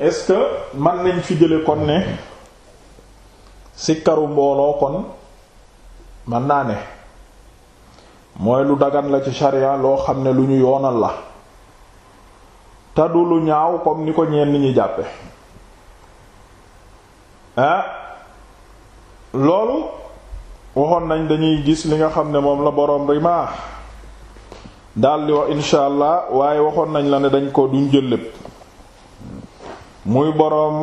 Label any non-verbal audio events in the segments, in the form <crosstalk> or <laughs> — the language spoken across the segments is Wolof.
est-ce que mën nañ fi jële kon ne sikkaru mbooloo kon man naa ne mooy lu dagan la ci sharia loo xam ne lu ñu yoonal la te lu ñaaw comme ni ko ñenn ñi jàppe ah loolu waxoon nañ dañuy gis li nga xam ne moom la boroom rimaa daldi wax insha allah waaye waxoon nañ la ne dañ ko duñ jël lépp muy boroom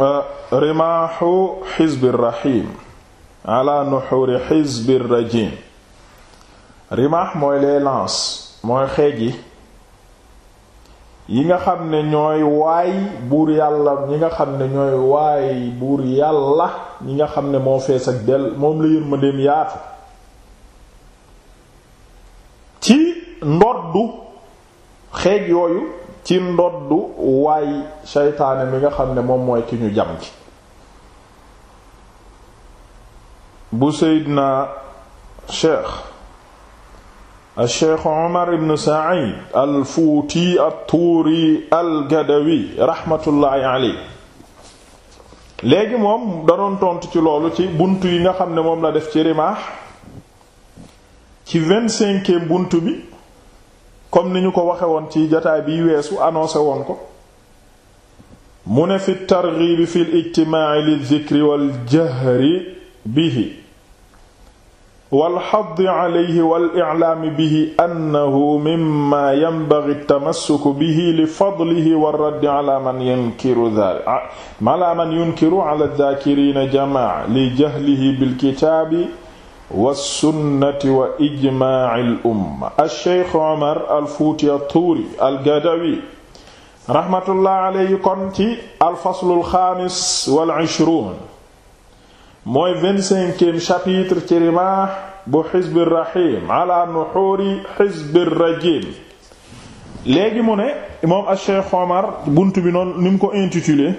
eh, rimaaxu xizbir raxiim ala nuxuri xizbir rajim rimaax mooy les lances mooy xeej yi yi nga xam ne ñooy waay buur yàlla ñi nga xam ne ñooy waay buur yàlla ñi nga xam ne moo fees ak del moom la yërmandeem yaatu ci ndoddu xeej yooyu ci ndoddu waay seytaane bi nga xam ne moom mooy ki ñu jam ci bu seydna cheikh al cheikh omar ibn said al fuuti al tuuri al gadawi raxmatullaahi aley léegi moom da tontu ci loolu ci bunt yi nga xam ne moom la def ci rimaax ci vingt-cinquième bunt bi comme ni ñu ko waxe woon ci jataay biy weesu annoncé woon ko mu ne fi targhiib fi ijtimaa'i li dhikri wal jahri bihi wal xaddi alayhi wal i'laami bihi annahu mimma yanbaghi at-tamassuku bihi li fadlihi war raddi ala man yunkiru dhalika ala man yunkiru ala adh-dhaakiriina jamaa'a li jahlihi bil kitaabi wasunnati wa ijmaacil umma alcheikh omar alfuuti tuuri algadawi rahmatullah aleyhi kon ci alfaslul xaamis wal ishruun mooy vingt-cinquième chapitre ci rimaax bu xizbir raxiim ala nuxuuri xizbir rajiim léegi mu ne moom alcheikh omar bunt bi noonu ni mu ko intitulé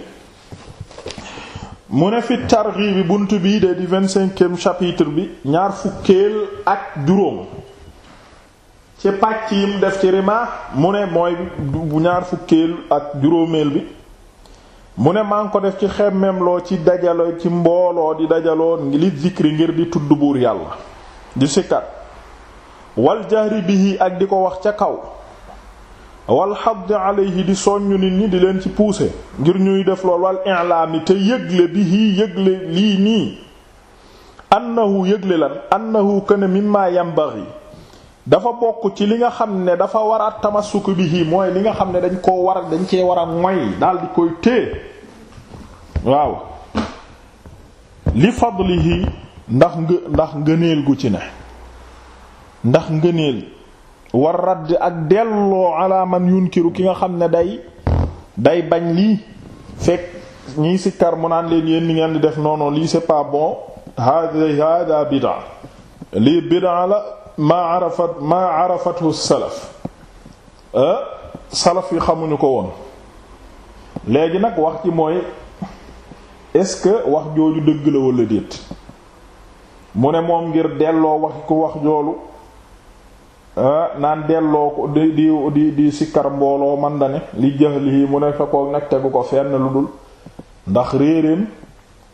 mu ne fit targhib bi bunt bii de di vingt-cinquième chapitre bi ñaar fukkeel ak juróom ci pàcc yi mu def ci rimaa mu ne mooy bu ñaar fukkeel ak juróomeel bi mu ne maa ngi ko def ci xemmemloo ci dajaloo ci mbooloo di dajaloo li zikri ngir bi tudd buur yàlla di sikkat wal jahri bihi ak di ko wax ca kaw wal xabdi alayhi di soññu nit ñi di leen ci pousser ngir ñuy def lool wal i'laami te yëgle bi hii yëgle lii nii annahu yëgle lan annahu kana mimma yanbaghi dafa bokk ci li nga xam ne dafa war a bi bihi mooy li nga xam ne dañ koo war dañ cee war a moy daal di koy téye waaw li fadlihi ndax nga ndax ngëneel gu ci ne ndax ngëneel war radd ak delloo ala man yunkiru ki nga xam ne day day bañ lii fekk ñiy sikkar mu naan leen yéen li ngeen di def noonon lii c'est pas bon hada hada bid'a lii bid'a la maa arafat maa arafathu salaf eh? salaf yi xamuñu ko woon léegi nag wax ci mooy est-ce que wax jooju dëgg la walla déet mu ne moom ngir delloo wax ko wax joolu Ah, naan delloo ko di di di sikkar mbooloo man da ne li jahlihi mu ne fekkoog nag tegu ko fenn lu dul ndax réeréem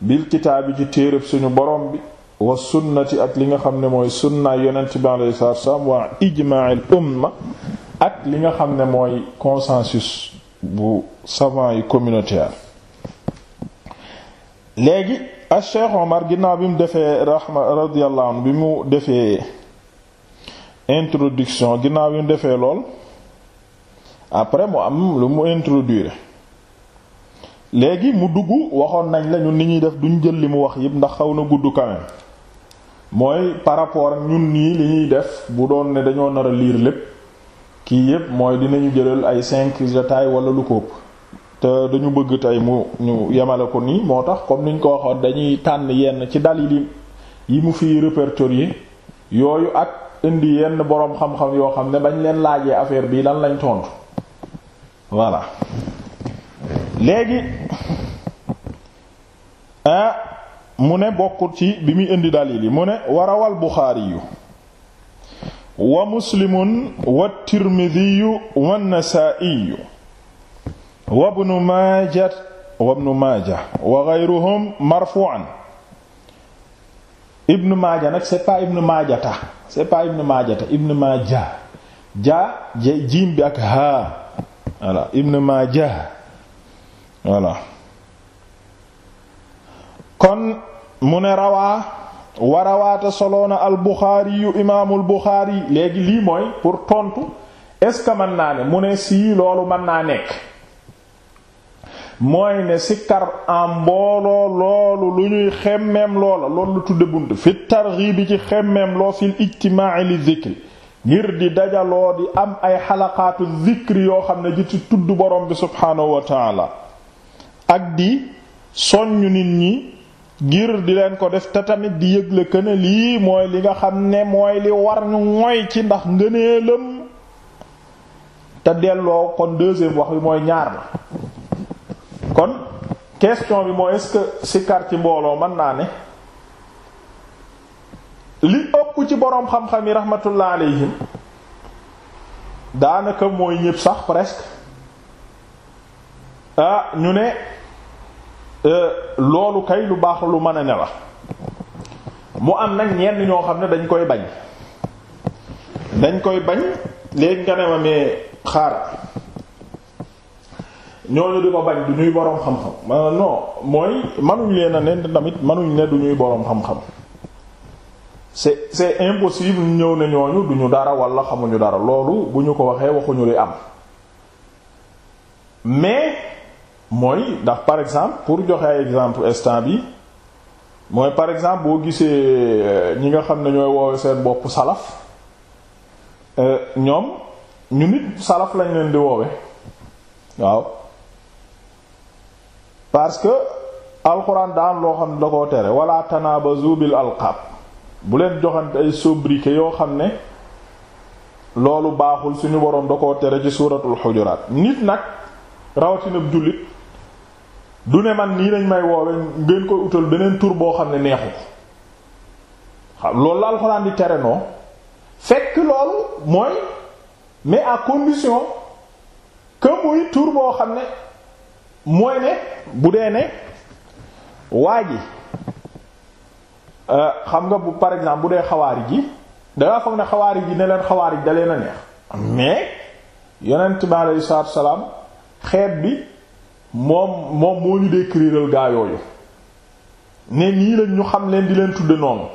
bil kitaabi ci téeréb suñu borom bi wa sunnati ak li nga xam ne mooy sunna yonent bi alayhi salaatu wassalaam waa ijmaa'il ak li nga xam ne mooy consensus bu savant yi communautaire léegi a ah, Cheikh ginnaaw bi mu defee rahma radiyallahu bi mu defee introduction ginnaaw yu defee lool après mu am lu mu introduire léegi mu dugg waxoon nañ la ñun ni ñuy def duñ jël li mu wax yépp ndax xaw na gudd quand mooy par rapport ak ñun nii li ñuy def bu doon ne dañoo nar a liir lépp kii yépp mooy dinañu jëlal ay cinq détails wala lu ko te dañu bëgg tey mu ñu yemale ko nii moo tax comme niñ ko waxoon dañuy tànn yenn ci dalil yi mu fiy répertorier yooyu ak. indi yenn boroom xam-xam yoo xam ne bañ leen laajee affaire bii lan lañ tontu voilà léegi ah mu ne bokkut ci bi muy indi dalil yi mu ne warawal Buxaari yu wa muslimun wa tirmidiyu wa nasaa'iyu wa ibnu maaja wa ibnu maaja wa ghayruhum marfu'an ibnu maaja nag c'est pas ibnu maajata c'est pas ibn majata ibn maja ja jiim bi ak ha voilà ibn maja voilà kon mu ne rawaa warawaata soloona al buxaari yu imaamul buxaari léegi lii mooy pour tontu est ce que mën naa ne mu ne sii loolu mën naa nekk mooy ne sikkar en mbooloo loolu lu ñuy xemmeem loola loolu lu tudde bunt fi targhibi ci xemmeem loo fi ijtimaa'i li zikri ngir di dajaloo di am ay xalaqaatu zikri yoo xam ne ji ci tudd borom bi subhaanahu wa ak di soññ nit ñi ngir di leen ko def te tamit di yëgle këne lii mooy li nga xam ne mooy li war ñu moy ci ndax ngëneelam te delloo kon deuxième wax bi mooy ñaar la kon question bi mooy est-ce ci mbooloo mën naa ne li ëpp ci boroom xam-xam yi rahmatullah alayhim daanaka mooy ñépp sax presque ah ñu ne euh, loolu kay lu baax lu mën a ne la mu am nag ñenn ñoo xam ne dañ koy bañ dañ koy bañ léegi nga xaar ñooñu di ko bañ du ñuy boroom xam-xam ma non mooy mënuñ leen a ne tamit mënuñ ne du ñuy boroom xam-xam c'est c'est impossible ñëw ne ñooñu duñu dara walla xamuñu dara loolu bu ñu ko waxee waxuñu li am mais mooy ndax par exemple pour joxe ay exemple instant bi mooy par exemple boo gisee euh, ñi nga xam ne ñooy woowe seen bopp salaf euh, ñoom ñu nit salaf lañ leen di woowe waaw parce que alxuraan daan loo xam ne da koo tere wala tanaabazu bil alqaab bu leen joxante ay sobriquet yoo xam ne loolu baaxul suñu boroom da ko tere ci suuratul xujuraat nit nag rawatinab jullit du ne man nii lañ may woowe ngeen koy utal beneen tur boo xam ne neexu ko xam loolu la alxuraan di tere noo fekk loolu mooy mais à condition que tur boo xam ne mooy ne bu dee ne waa ji euh, xam nga bu par exemple bu dee xawaari ji dangaa foog ne xawaari ji ne leen xawaari ji da leen a neex mais yonent bi aleyhi salaatu salaam xeet bi moom moom moo ñu décriral gaa yooyu ne nii lañ ñu xam leen di leen tudd noonu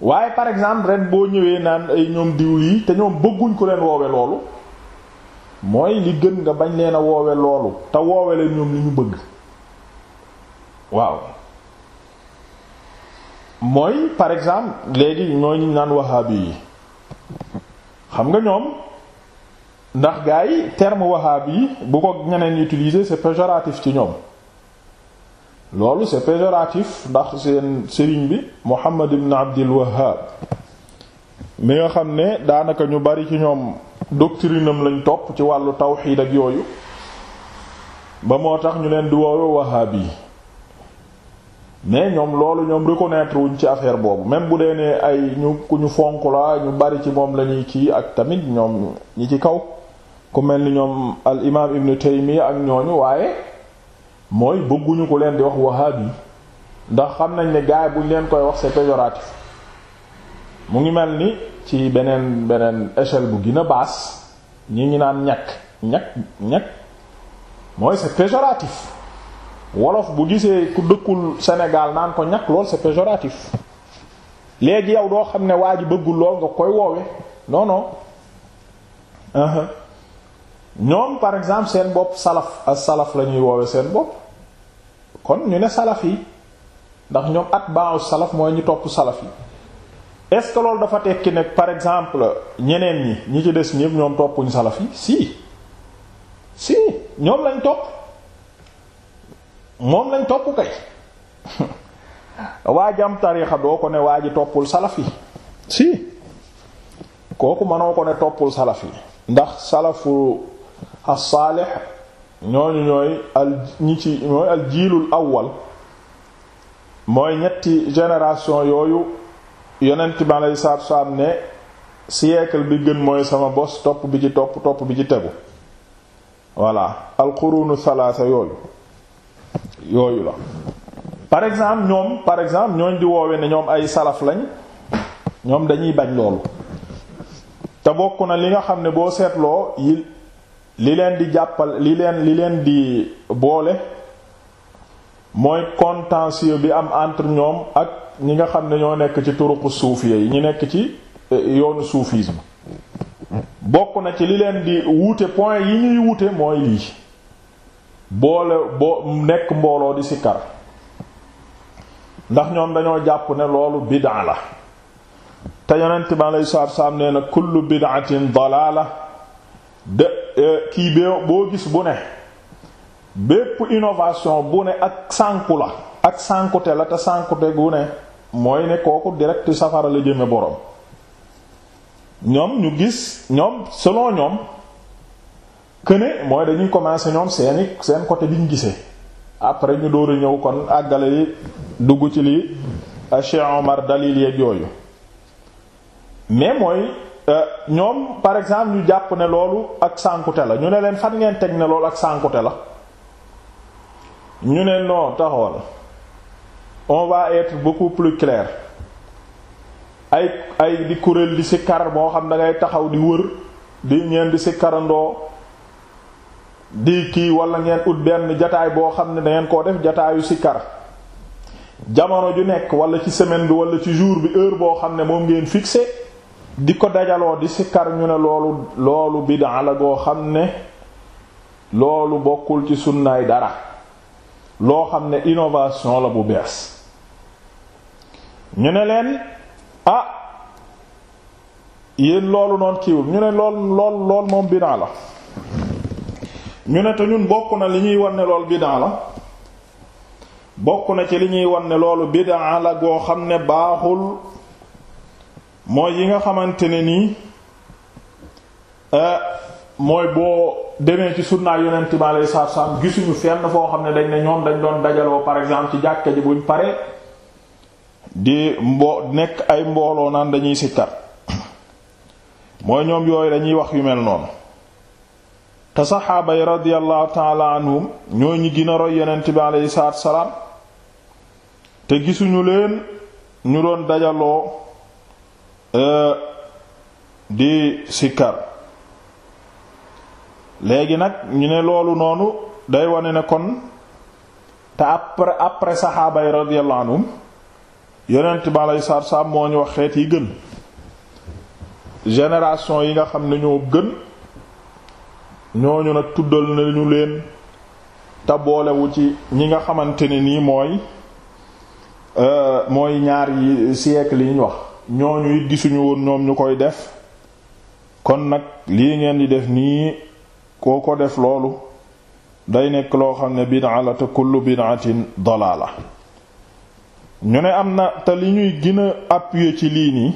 waaye par exemple rek boo ñëwee naan ay ñoom diw yi te ñoom bëgguñ ko leen woowe loolu mooy li gën nga bañ leen a woowe loolu te woowe leen ñoom li ñu bëgg waaw mooy par exemple léegi ñooy ñu naan wahaabi yi xam nga ñoom ndax gaa yi terme wahaabi yi bu ko ñeneen utiliser c'est péjoratif ci ñoom loolu c'est péjoratif ndax seen sëriñ bi Muhammad ibn Abdul Wahhab mi nga xam ne daanaka ñu bari ci ñoom doctrinam lañu topp ci wàllu tawxiid ak yooyu ba moo tax ñu leen di woowe wahaabi yi mais ñoom loolu ñoom reconnaître wuñ ci affaire boobu même bu dee ne ay ñu ku ñu fonk la ñu bari ci moom lañuy kii ak tamit ñoom ñi ci kaw ku mel ni ñoom al imaam ibnu taymiya ak ñooñu waaye mooy bëgguñu ko leen di wax wahaabi ndax xam nañ ne gaay buñ leen koy wax c'est péjoratif mu ngi mel ni ci beneen beneen échelle bu gina baas ñi ngi naan ñakk ñakk ñakk mooy c'est péjoratif wolof bu gisee ku dëkkul Sénégal naan ko ñakk lool c'est péjoratif léegi yow doo xam ne waa ji bëggul lool nga koy woowe non non uh-huh. ñoom par exemple seen bopp salaf as salaf la ñuy woowe seen bopp kon ñu ne salaf yi ndax ñoom at baaxu salaf mooy ñu topp salaf yi est-ce que loolu dafa tekki ne par exemple ñeneen ñi ñi ci des ñëpp ñoom toppuñ salafi yi si si ñoom lañ topp moom lañ topp kay <laughs> waa jam tariixa doo ko ne waa ji toppul salaf yi si kooku mënoo ko ne toppul salaf ndax salafu as-salih ñooñu ñooy al ñi ci ñooy al jiilul awwal mooy ñetti génération yooyu yonent bi aleyhi salaatu salaam ne siècle bi gën mooy sama bos topp bi ci topp topp bi ci tegu voilà alqurunu salaasa yooyu yooyu la par exemple ñoom par exemple ñooñ di woowe ne ñoom ay salaf lañ ñoom dañuy bañ loolu te bokk na li nga xam ne boo seetloo yi li leen di jàppal li leen li leen di boole mooy contentieux bi am entre ñoom ak ñi nga xam ne ñoo nekk ci turuqu suufiya yi ñu nekk ci eh, yoonu soufisme bokk na ci li leen di wuute point yi ñuy wuute mooy lii boole boo nekk mbooloo di sikkar ndax ñoom dañoo jàpp ne loolu bid'a la te yonent bi aleyhi salaatu salaam nee na kullu bid'atin dalaala de eh, kii boo gis bu ne bépp innovation bu ne ak sànku la ak sànkute la te sànkute gu ne mooy ne kooku direct safara la jëme borom ñoom ñu gis ñoom selon ñoom këne mooy dañuy commencer ñoom seeni seen côté bi ñu gisee après ñu door a ñëw kon àggale yi dugg ci li Cheikh Omar dalil yeeg yooyu mais mooy euh, ñoom par exemple ñu jàpp ne loolu ak sànkute la ñu ne leen fan ngeen teg ne loolu ak sànkute la ñu ne non taxawal on va être beaucoup plus clair ay ay di kuréel di kar moo xam da ngay taxaw di wër di ngeen di si sikkarandoo di kii wala ngeen ut benn jataay boo xam ne dangeen koo def jataayu kar jamono ju nekk wala ci semaine bi wala ci jour bi heure boo xam ne moom ngeen fixé di ko dajaloo di si sikkar ñu ne loolu loolu bid'a la goo xam ne loolu bokkul ci sunnaay dara loo xam ne innovation la bu bees ñu ne leen ah yéen loolu noonu kiiwul ñu ne lool lool lool moom bidaa la ñu ne te ñun bokk na li ñuy wan ne lool bidaa la bokk na ci li ñuy wan ne loolu bidaa la goo xam ne baaxul mooy yi nga xamante ne nii eh, mooy boo demee ci sunnaa yonent bi alayhi salaatu salaam gisuñu fenn foo xam ne dañ ne ñoom dañ doon dajaloo par exemple ci jàkka ji buñ paree di mbo nekk ay mbooloo naan dañuy sikkar <coughs> mooy ñoom yooyu dañuy wax yu mel noonu te saxaaba yi radiyallahu taala anhum ñoo ñi gën a roy yonent bi alayhi salaam te gisuñu leen ñu doon dajaloo euh, di sikkar léegi nag ñu ne loolu noonu day wane ne kon te après après saxaaba yi radiyallahu anhum yonent ba lay sar moo ñu wax xeet yi gën génération yi nga xam ne ñoo gën ñooñu nag tuddal nañu leen te boolewu ci ñi nga xamante ni nii mooy euh, mooy ñaar yi siècle yi wax ñoo it gisuñu woon ñoom ñu koy def kon nag lii ngeen di def nii koo ko def loolu day nekk loo xam ne bid'a la te kullu bid'atin dalaala ñu ne am na te li ñuy gën a ci lii nii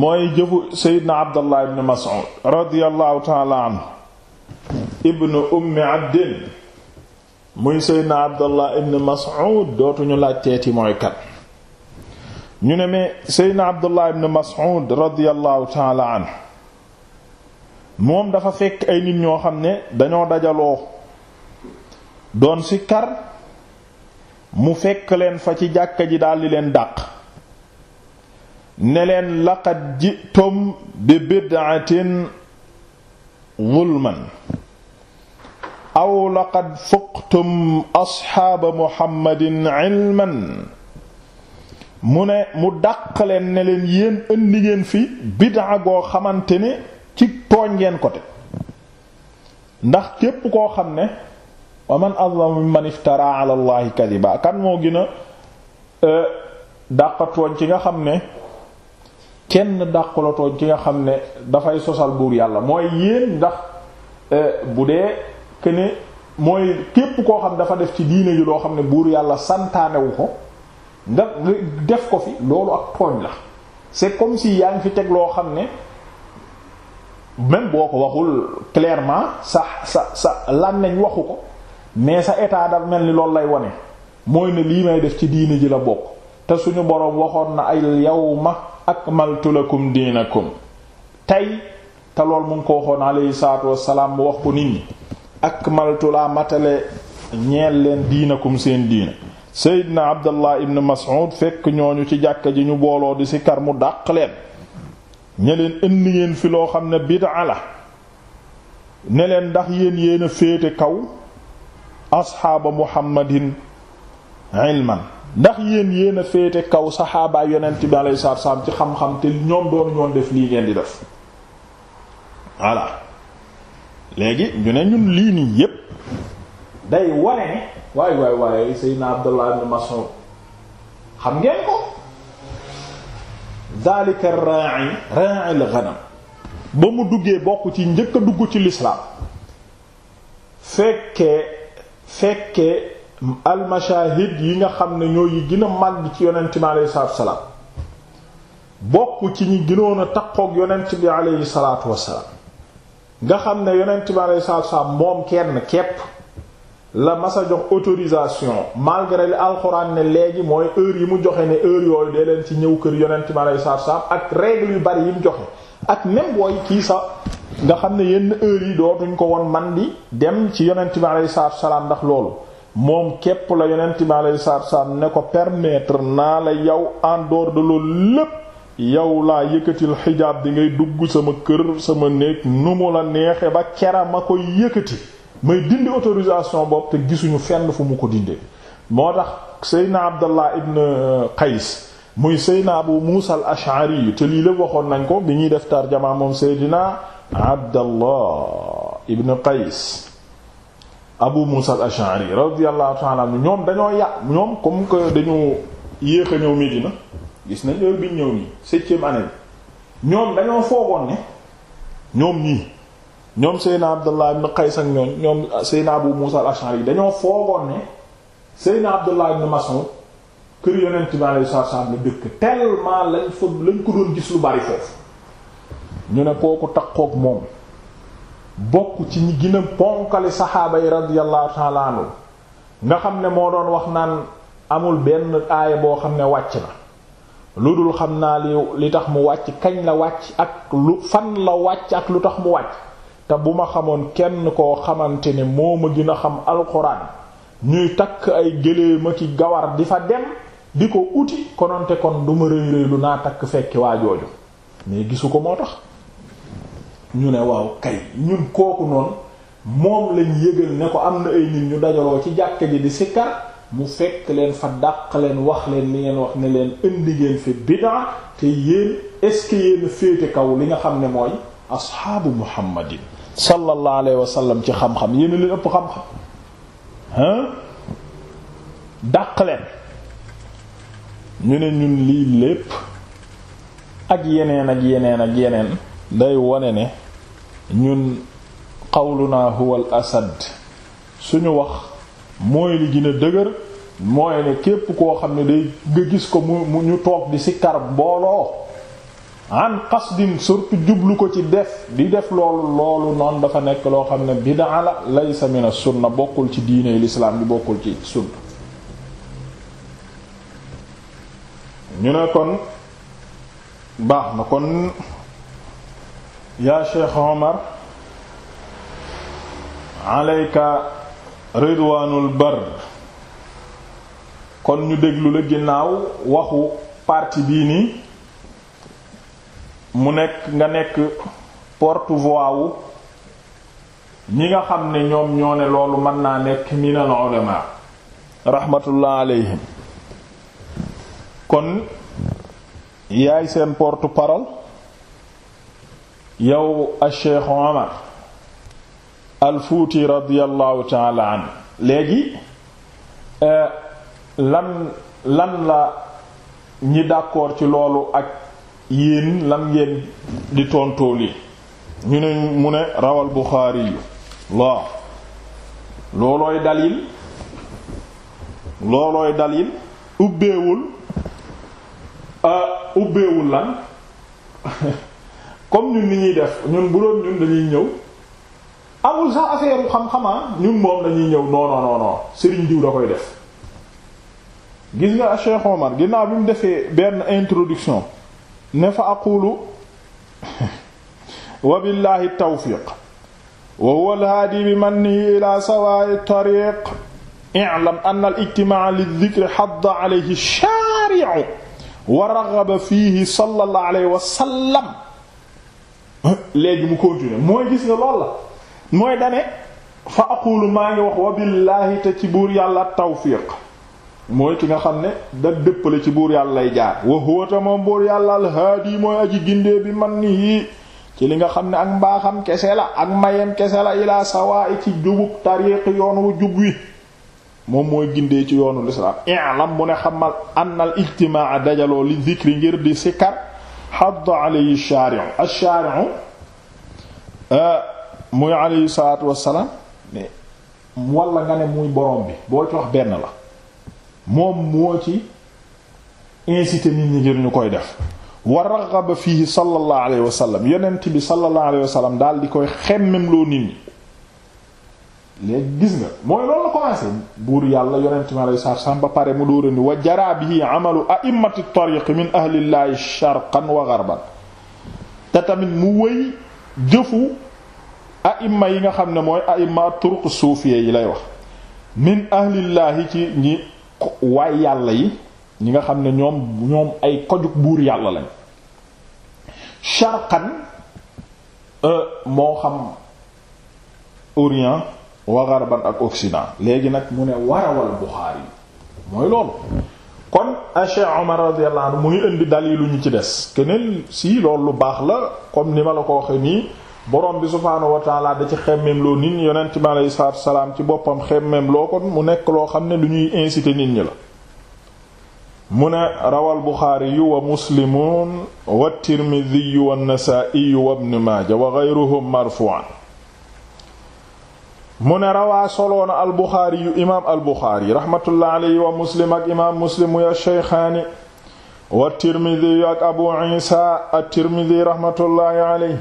mooy jëfu seydna abdallah ibn mas'ud radiyallahu taala anhu ibn ummi abdin muy seydna abdallah ibn mas'ud dootuñu laaj teeti mooy kat ñu ne mais seydna abdallah ibn mas'ud radiyallahu taala anhu moom dafa fekk ay nit ñoo xam ne dañoo dajaloo doon sikkar mu fekk leen fa ci jàkka ji daldi leen dàq ne leen ji tom bi bid'atin zulman aw laqad tom asxaaba muhammadin ilman mu ne mu dàq leen ne leen yéen fi bid'a goo xamante ne ci tooñ ngeen ko te ndax képp koo xam ne wa man azlamu mimman iftara ala allahi kadiba kan moo gën a e, dàqa tooñ nga xam ne kenn dàq la tooñ ci nga xam ne dafay sosal buur yàlla mooy yéen ndax e, bu dee que ne mooy képp koo xam dafa def ci diine ji loo xam ne buur yàlla santaanewu ko nga def ko fi loolu ak tooñ la c'est si yaa ngi fi teg loo xam ne même boo ko waxul clairement sa sa sa lan nañ waxu ko mais sa état daf mel ni loolu lay wane mooy ne lii may def ci diini ji la bokk te suñu boroom waxoon na ay yawma akmaltu lakum diinakum tey te lool mu ngi ko waxoon alayhi salaatu wassalaam mu wax ko nit ñi akmaltu laa matale ñeel leen diinakum seen diina Seydina Abdallah ibn Mas'ud fekk ñooñu ci jàkka ji ñu booloo di si kar mu dàq leen ne leen indi ngeen fi loo xam ne bid'a la ne leen ndax yéen yéen a féete kaw asxaaba muhammadin ilman ndax yéen yéen féete kaw saxaabaay yonent bi alayhi salaatu salaam ci xam-xam te ñoom doon ñoon def lii ngeen di def voilà léegi ñu ne ñun lii nii yépp day wane ne waay waay waay Seydina Abdullah ibn Mas'ud xam ngeen ko daalika ra'i ra'i al ghanam ba mu duggee bokk ci njëkk a dugg ci lislaam fekkee fekkee al yi nga xam ne ñoo yi gën a màgg ci yonent bi aleyhi salaatu wasalaam bokk ci ñi gënoon a takkook yonent bi aleyhi salaatu wasalaam nga xam ne yonent bi aleyhi salaatu wasalaam moom kenn kepp la masa jox autorisation malgré li alxuraan ne léegi mooy heure yi mu joxe ne heure yooyu dee leen ci ñëw kër yonent ma lay saab-saab ak règle yu bari yi mu joxe ak même booy kii sax nga xam ne yenn heure yi dootuñ ko woon man di dem ci yonent ma lay saab-salaam ndax loolu moom képp la yonent ma lay saab ne ko permettre naa la yow en dehors de loolu lépp yow laa yëkkatil xijaab bi ngay dugg sama kër sama néeg nu mu la neexe ba kera ma koy yëkkati may dindi autorisation boobu te gisuñu fenn fu mu ko dindee moo tax seydna abdallah ibn euh, qays muy seydna abu muusa al ash'ari te lii lépp waxoon nañ ko bi ñuy def tarjamaa moom seydna abdallah ibn qays abu muusa al ash'ari radiyallahu ta'ala anhu ñoom dañoo yàq ñoom comme que dañu yéex a ñëw Medina gis nañ heure bi ñëw nii septième année bi ñoom dañoo foogoon ne ñoom ñii ñoom Seyna Abdullah ibn Qays ak ñoom ñoom Seyna Abu Musa al yi dañoo foogoon ne Seyna Abdullah ibn Mas'ud kër yonent bi alayhi salaam la dëkk tellement lañ fa lañ ko doon gis lu bari foofu ñu ne kooku takkook moom bokk ci ñi gën a ponkali saxaaba yi radiyallahu ta'ala nga xam ne moo doon wax naan amul benn aaya boo xam ne wàcc na lu dul xam naa li li tax mu wàcc kañ la wàcc ak lu fan la wàcc ak lu tax mu wàcc te bu ma xamoon kenn koo xamante ne moom a gën a xam alxuraan ñuy takk ay gëléema ki gawar di fa dem di ko uti kononte kon du ma rëy rëy lu naa takk fekki waa jooju mais gisu ko moo tax ñu ne waaw kay ñun kooku noonu moom lañ yëgal ne ko am na ay nit ñu dajaloo ci jàkka ji di sikkar mu fekk leen fa dàq leen wax leen li ngeen wax ne leen indi ngeen fi bid'a te yéen est-ce que yéen féete kaw li nga xam ne mooy asxaabu muhammadin sallallahu alayhi wa sallam ci xam-xam yéen leen ëpp xam-xam hein dàq leen ñu ne ñun lii lépp ak yeneen ak yeneen ak yeneen day wone ne ñun qawluna huwa al asad suñu wax mooy li gën a dëgër mooy ne képp koo xam ne day nga gis ko mu ñu toog di sikkar mbooloo an qasdin surtout jublu ko ci def di def loolu loolu noonu dafa nekk loo xam ne bid'a la laysa min as-sunna bokkul ci diine l'islam bi bokkul ci sunna ñu ne kon baax na kon yaa Cheikh Omar alayka ridwaanul bar kon ñu déglu la ginnaaw waxu parti bii nii mu nekk nga nekk porte-voix ñi nga xam ne ñoom ñoo ne loolu mën naa nekk min al ulama rahmatullah alayhim kon yaay seen porte-parole yow a Cheikh Omar al Fuuti radiyallahu taala an léegi euh, lan la ñi d'accord ci loolu ak yéen lan ngeen di tontoo li ñu ne mu ne rawal Buxaari yu laa loolooy dalil loolooy dalil ubbeewul ah, ubbeewul lan <laughs> comme ñun ni ñuy def ñun bu doon ñun dañuy ñëw amul sax affaire bu xam-xamaa ñun moom dañuy ñëw non non non Serigne da koy def gis nga Cheikh Omar ginnaaw bi mu defee benn introduction ne fa aqulu <laughs> wa billahi tawfiq wa huwa alhaadi bi mannihi ila sawaa'i tariiq i'lam anna al-ijtimaa' lidh-dhikri hadda alayhi ash-shaari'u wa raghaba fiihi sallallahu alayhi wa sallam léegi mu continuer mooy gis nga lool la mooy dane fa aqulu maa ngi wax wa billahi te ci buur yàlla tawfiq mooy ki nga xam ne da dëppale ci buur yàlla lay jaar wa huwa ta buur yàlla alhaadi mooy aji gindee bi man ni yii ci li nga xam ne ak mbaaxam kese la ak mayem kese la ilaa sawaa'i ci jubub tariiq yoon wu jub wi moom mooy gindee ci yoonu lislaam i'lam mu ne xamal annal ijtimaa dajaloo li zikri ngir di sikkar xadd alayhi shaari'u ash-shaari'u euh, muy alayhi salaatu wassalaam walla nga ne muy borom bi boo ci benn la moom moo ci incité nit ñi ngir ñu koy def wa raghaba fihi sallallahu alayhi wa sallam yonent bi sallallahu alayhi wa daal di koy xemmem loo nit ñi léegi gis nga mooy loolu la commencé buur yàlla yonent mi alayhi salaatu salaam ba pare mu dóora ni wa jara bihi amalu a'immati tariq min ahlillaahi sharqan wa gharban te tamit mu wëy jëfu a'imma yi nga xam ne mooy a'imma turuq suufiyya yi lay wax min ahlillaahi ci ñi waay yàlla yi ñi nga xam ne ñoom ñoom ay kojug buur yàlla lañ sharqan euh, moo xam orient wa gharban ak occident léegi nag mu ne warawal Buxaari mooy loolu kon Cheikh Omar radiyallahu anhu muy indi dalilu ñu ci des keneen sii loolu lu baax la comme ni ma la ko waxee nii borom bi subhaanahu wa da ci xemmem loo nit ñi yonent mi ci boppam xemmem mu nekk loo xam ne lu ñuy mu rawal buxaari yu wa muslimun wa tirmidi wa nasaa'i wa ibn maaja wa geyruhum marfu'an mu ne rawaa soloona al buxaari yu imaam al buxaari wa muslim ak imaam muslim muy al wa tirmidi ak abu isa at tirmidi raxmatullahi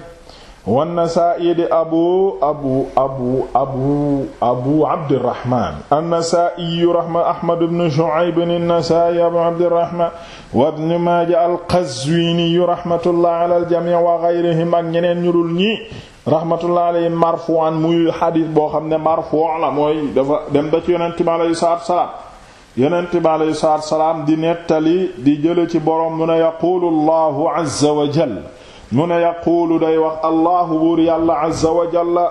wannasaa'i di abu abu abu abu abu abdirahman annasaa'iyu rahma ahmad ibn shu'ayb annasaa'i abu abdirahman wa ibn maaja alqazwiiniyu rahmatullah ala aljamii wa ghayrihim ak ñeneen ñu dul ñi rahmatullah alayhim marfu'an muy xadiis boo xam ne marfu' la mooy dafa dem ba ci yonent bi alayhi salaatu salaam yonent bi alayhi salaatu salaam di nettali di jële ci boroom mu ne yaquulu allahu azza wa jalla mu ne yaquulu day wax allahu buur yàlla azza wa jalla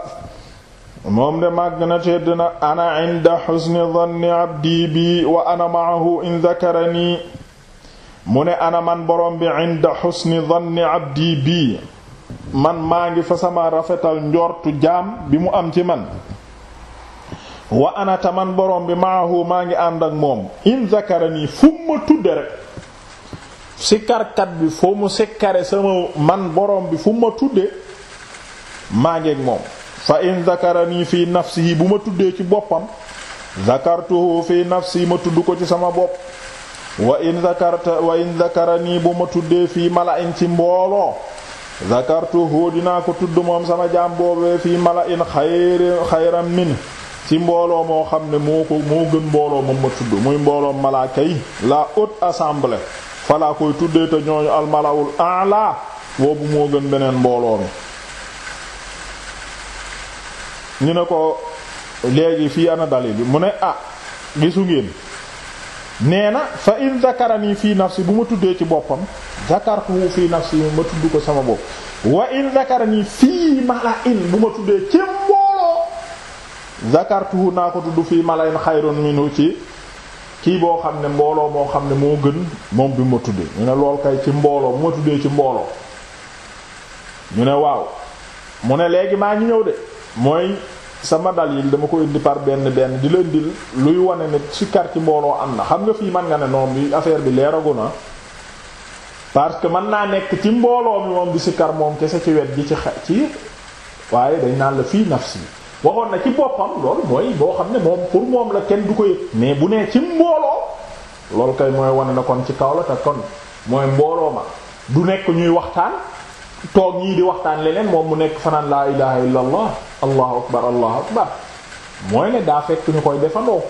moom de màgg na tedd na ana inda xusni danni abdi bi wa ana maahu in dakarani mu ana man borom bi man maa ngi fa sama njortu jaam bi mu am ci man wa borom bi maahu maa ngi ànd ak moom in dakarani fu ma sikkarkat bi foo mu sikkare sama man borom bi fu ma tuddee maa ngeeg moom fa in fii fi nafsihi bu ma tuddee ci boppam zakartuhu fi nafsi ma tudd ko ci sama bopp wa in zakarta wa in zakarani bu ma tuddee fii mala in ci mbooloo zakartuhu dinaa ko tudd moom sama jaam boobee fii mala in xayr xayran min ci mbooloo moo xam ne moo ko moo gën mbooloo moom ma tudd muy mbooloom malaaka yi la haute assemblée falaa koy tuddee te ñooñu almalawul a'la boobu moo gën beneen mbooloo mi ñu ne ko léegi fii ana dalil bi mu ne ah gisu ngeen nee na fa in zakarani fii nafsi bu ma tuddee ci boppam zakartu fii nafsi ma tudd ko sama bopp wa in zakarani fii mala'in bu ma tuddee ci mbooloo zakartu naa ko tudd fii mala mala'in xayrun minhu ci kii boo xam ne mbooloo moo xam ne moo gën moom bi ma tuddee ñu ne lool kay ci mbooloo bu ma tuddee ci mbooloo ñu ne waaw mu ne léegi maa ngi ñëw de mooy sama dalil dama ko indi par benn benn di leen di luy wane ne sikkar ci mbooloo am na xam nga fii man nga ne noon bi affaire bi leeragu na parce que mën naa nekk ci mbooloo mi bi si kar moom kese ci wet bi ci ci waaye dañ naan la fii nafsi waxoon na ci boppam loolu mooy boo xam ne moom pour moom la kenn du ko yëg mais bu nee ci mbooloo loolu kay mooy wane na kon ci kaw la te kon mooy mbooloo ma du nekk ñuy waxtaan toog ñii di waxtaan leneen moom mu nekk fanaan laa ilaha illa allah allahu akbar allahu akbar mooy ne daa fekk ñu koy defandoo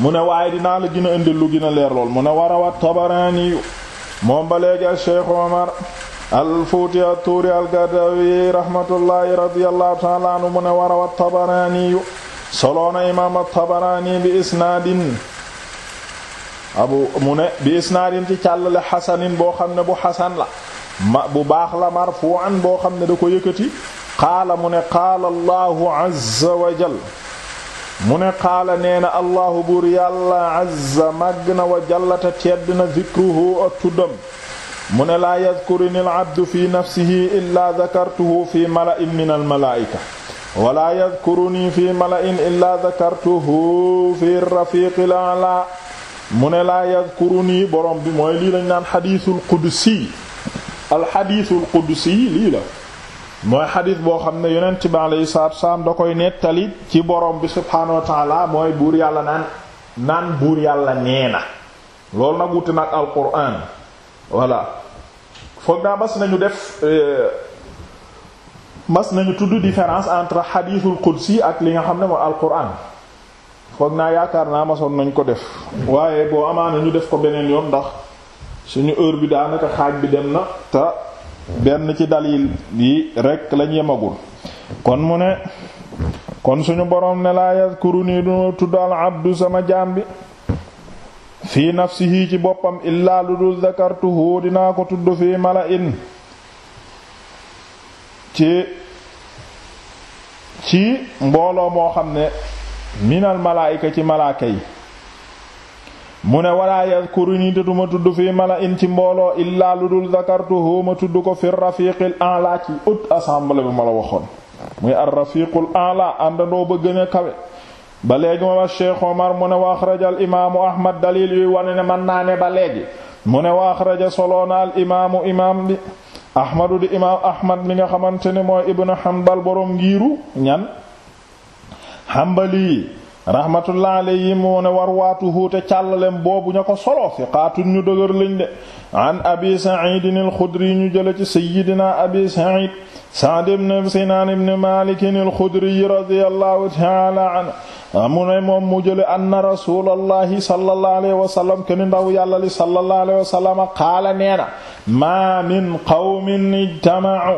mu ne waaye dinaa la gën a lu gën leer lool mu ne warawaat Tabarani moom ba léegi ak Cheikh Omar alfuuti attuuri algadawi rahmatullahi radiyallahu taala anhu mu ne waraw altabaraaniyu soloona imaam altabaraani bi isnaadin abu mu ne bi isnaadin ci càllale xasanin boo xam ne bu xasan la bu baax la marfuu'an boo xam ne da ko yëkkati qaala mu ne qaala allahu azza wa mu ne qaala nee allahu buur yàlla azza màgg na wa jallata tedd na zikruhu ak tuddam mu ne laa yadkurini alabdu fi nafsihi illaa dakartuhu fi mala'in min almalaa'ika wala yadkuruni fi mala'in illaa dakartuhu fi rafiqil a'la mu ne laa yadkuruni borom bi mooy lii lañ naan xadiisul qudsi alxadiisul qudsi lii la mooy boo xam ne yonent bi alayhi salaatu wasalaam da koy nettali ci borom bi subhaanahu wa taala mooy buur yàlla naan buur yàlla nee na loolu nag wuti nag voilà foog naa mas nañu def euh, mas nañu tudd différence entre xadiisul qudsi ak li nga xam ne mooy alquran foog naa yaakaar naa masoon nañ ko def waaye boo amaana ñu def ko beneen yoon ndax suñu heure bi daanaka xaaj bi dem na te benn ci dalil yi rek lañ yemagul kon mu ne kon suñu borom ne laa yazkuru nii du tudd al abdu sama jaam bi fii nafsihi ci boppam illaa lu dul zakartuhu dinaa ko tudd fii in ci ci mbooloo moo xam ne minal malaayika ci malaaka yi mu ne walaa yadkuruni te duma tudd fii mala'in ci mbooloo illaa lu dul zakartuhu ma tudd ko fi rafiqil a'la ci haute assemblée bi ma waxoon muy ar rafiqul a'la àndandoo ba gën a kawe ba léegi moom a Omar mu wa axraja al imaamu Ahmad dalil yuy wane ne mën naa ne ba léegi ne wa axraja soloona al imaam di imaam mi nga xamante ne mooy Ibn Hanbal borom ngiiru ñan Hanbali rahmatullah alayhim mu war waatuhu te càllalem boobu ñako ko solo ñu dëgër lañ de an Abi Sa'id al-Khudri ñu jële ci Sayyidina Abi Sa'id Sa'd radiyallahu ta'ala anhu amu ne moom mu jële anna rasulallahi sallallahu alayhi wa sallam keni ndaw yàlla li sallallahu alayhi wa sallam qaala nee na maa min qawmin ijtama'u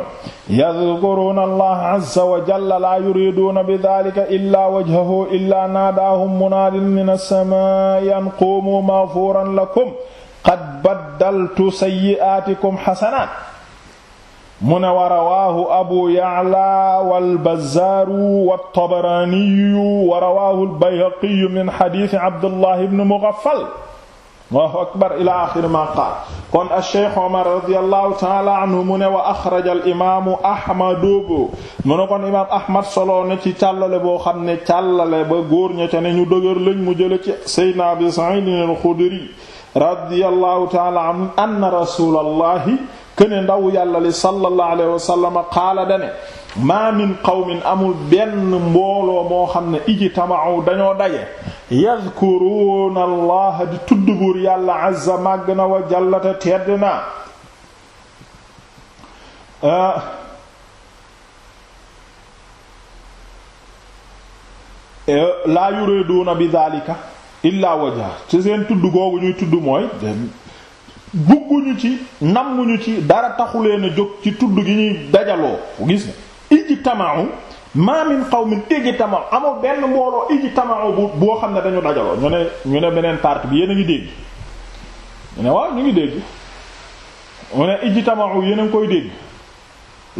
yadhkuruna allaha azza wa jalla laa yuriduuna bi dhalika illa wajhahu illa naadaahum munaadin min as-samaa'i an qumu maghfuran lakum qad baddaltu sayyi'aatikum hasanaat mu ne wa rawaahu abu ya'la wal bazzaaru wat tabaraaniyu wa rawaahu al bayhaqiyu min xadiisi abdullahi ibn mughaffal allahu akbar ila axiri ma qaal kon ash-shaykh omar radiyallahu ta'ala anhu mu ne wa axraja al imaamu ahmadu mu ne kon imaam ahmad soloo na ci càllale boo xam ne càllale ba góor ña ca ne ñu dëgër lañ mu jële ci sayyidina abi sa'id al-xudri radiyallahu taala anhu anna rasulallahi ndaw yàlla li sallallahu alayhi wasallam qaala dane maa min qawmin amul benn mbooloo moo xam ne ijtama'u dañoo daje yadkuruuna allaha di tudd buur yàlla azza màgg na wa jallata tedd na laa yuriduuna bi daalika illaa wajha ci seen tudd googu ñuy tudd mooy bugguñu ci nammuñu ci dara taxuleen a jóg ci tudd gi ñuy dajaloo gis nga ijtama'u ma min qawmin ijtama'u amoo benn mbooloo ijtama'u bu boo xam ne dañu dajaloo ñu ne ñu ne beneen part bi yéen a ngi dégg ñu ne waaw ñu ngi dégg mu ne ijtama'u yéen a koy dégg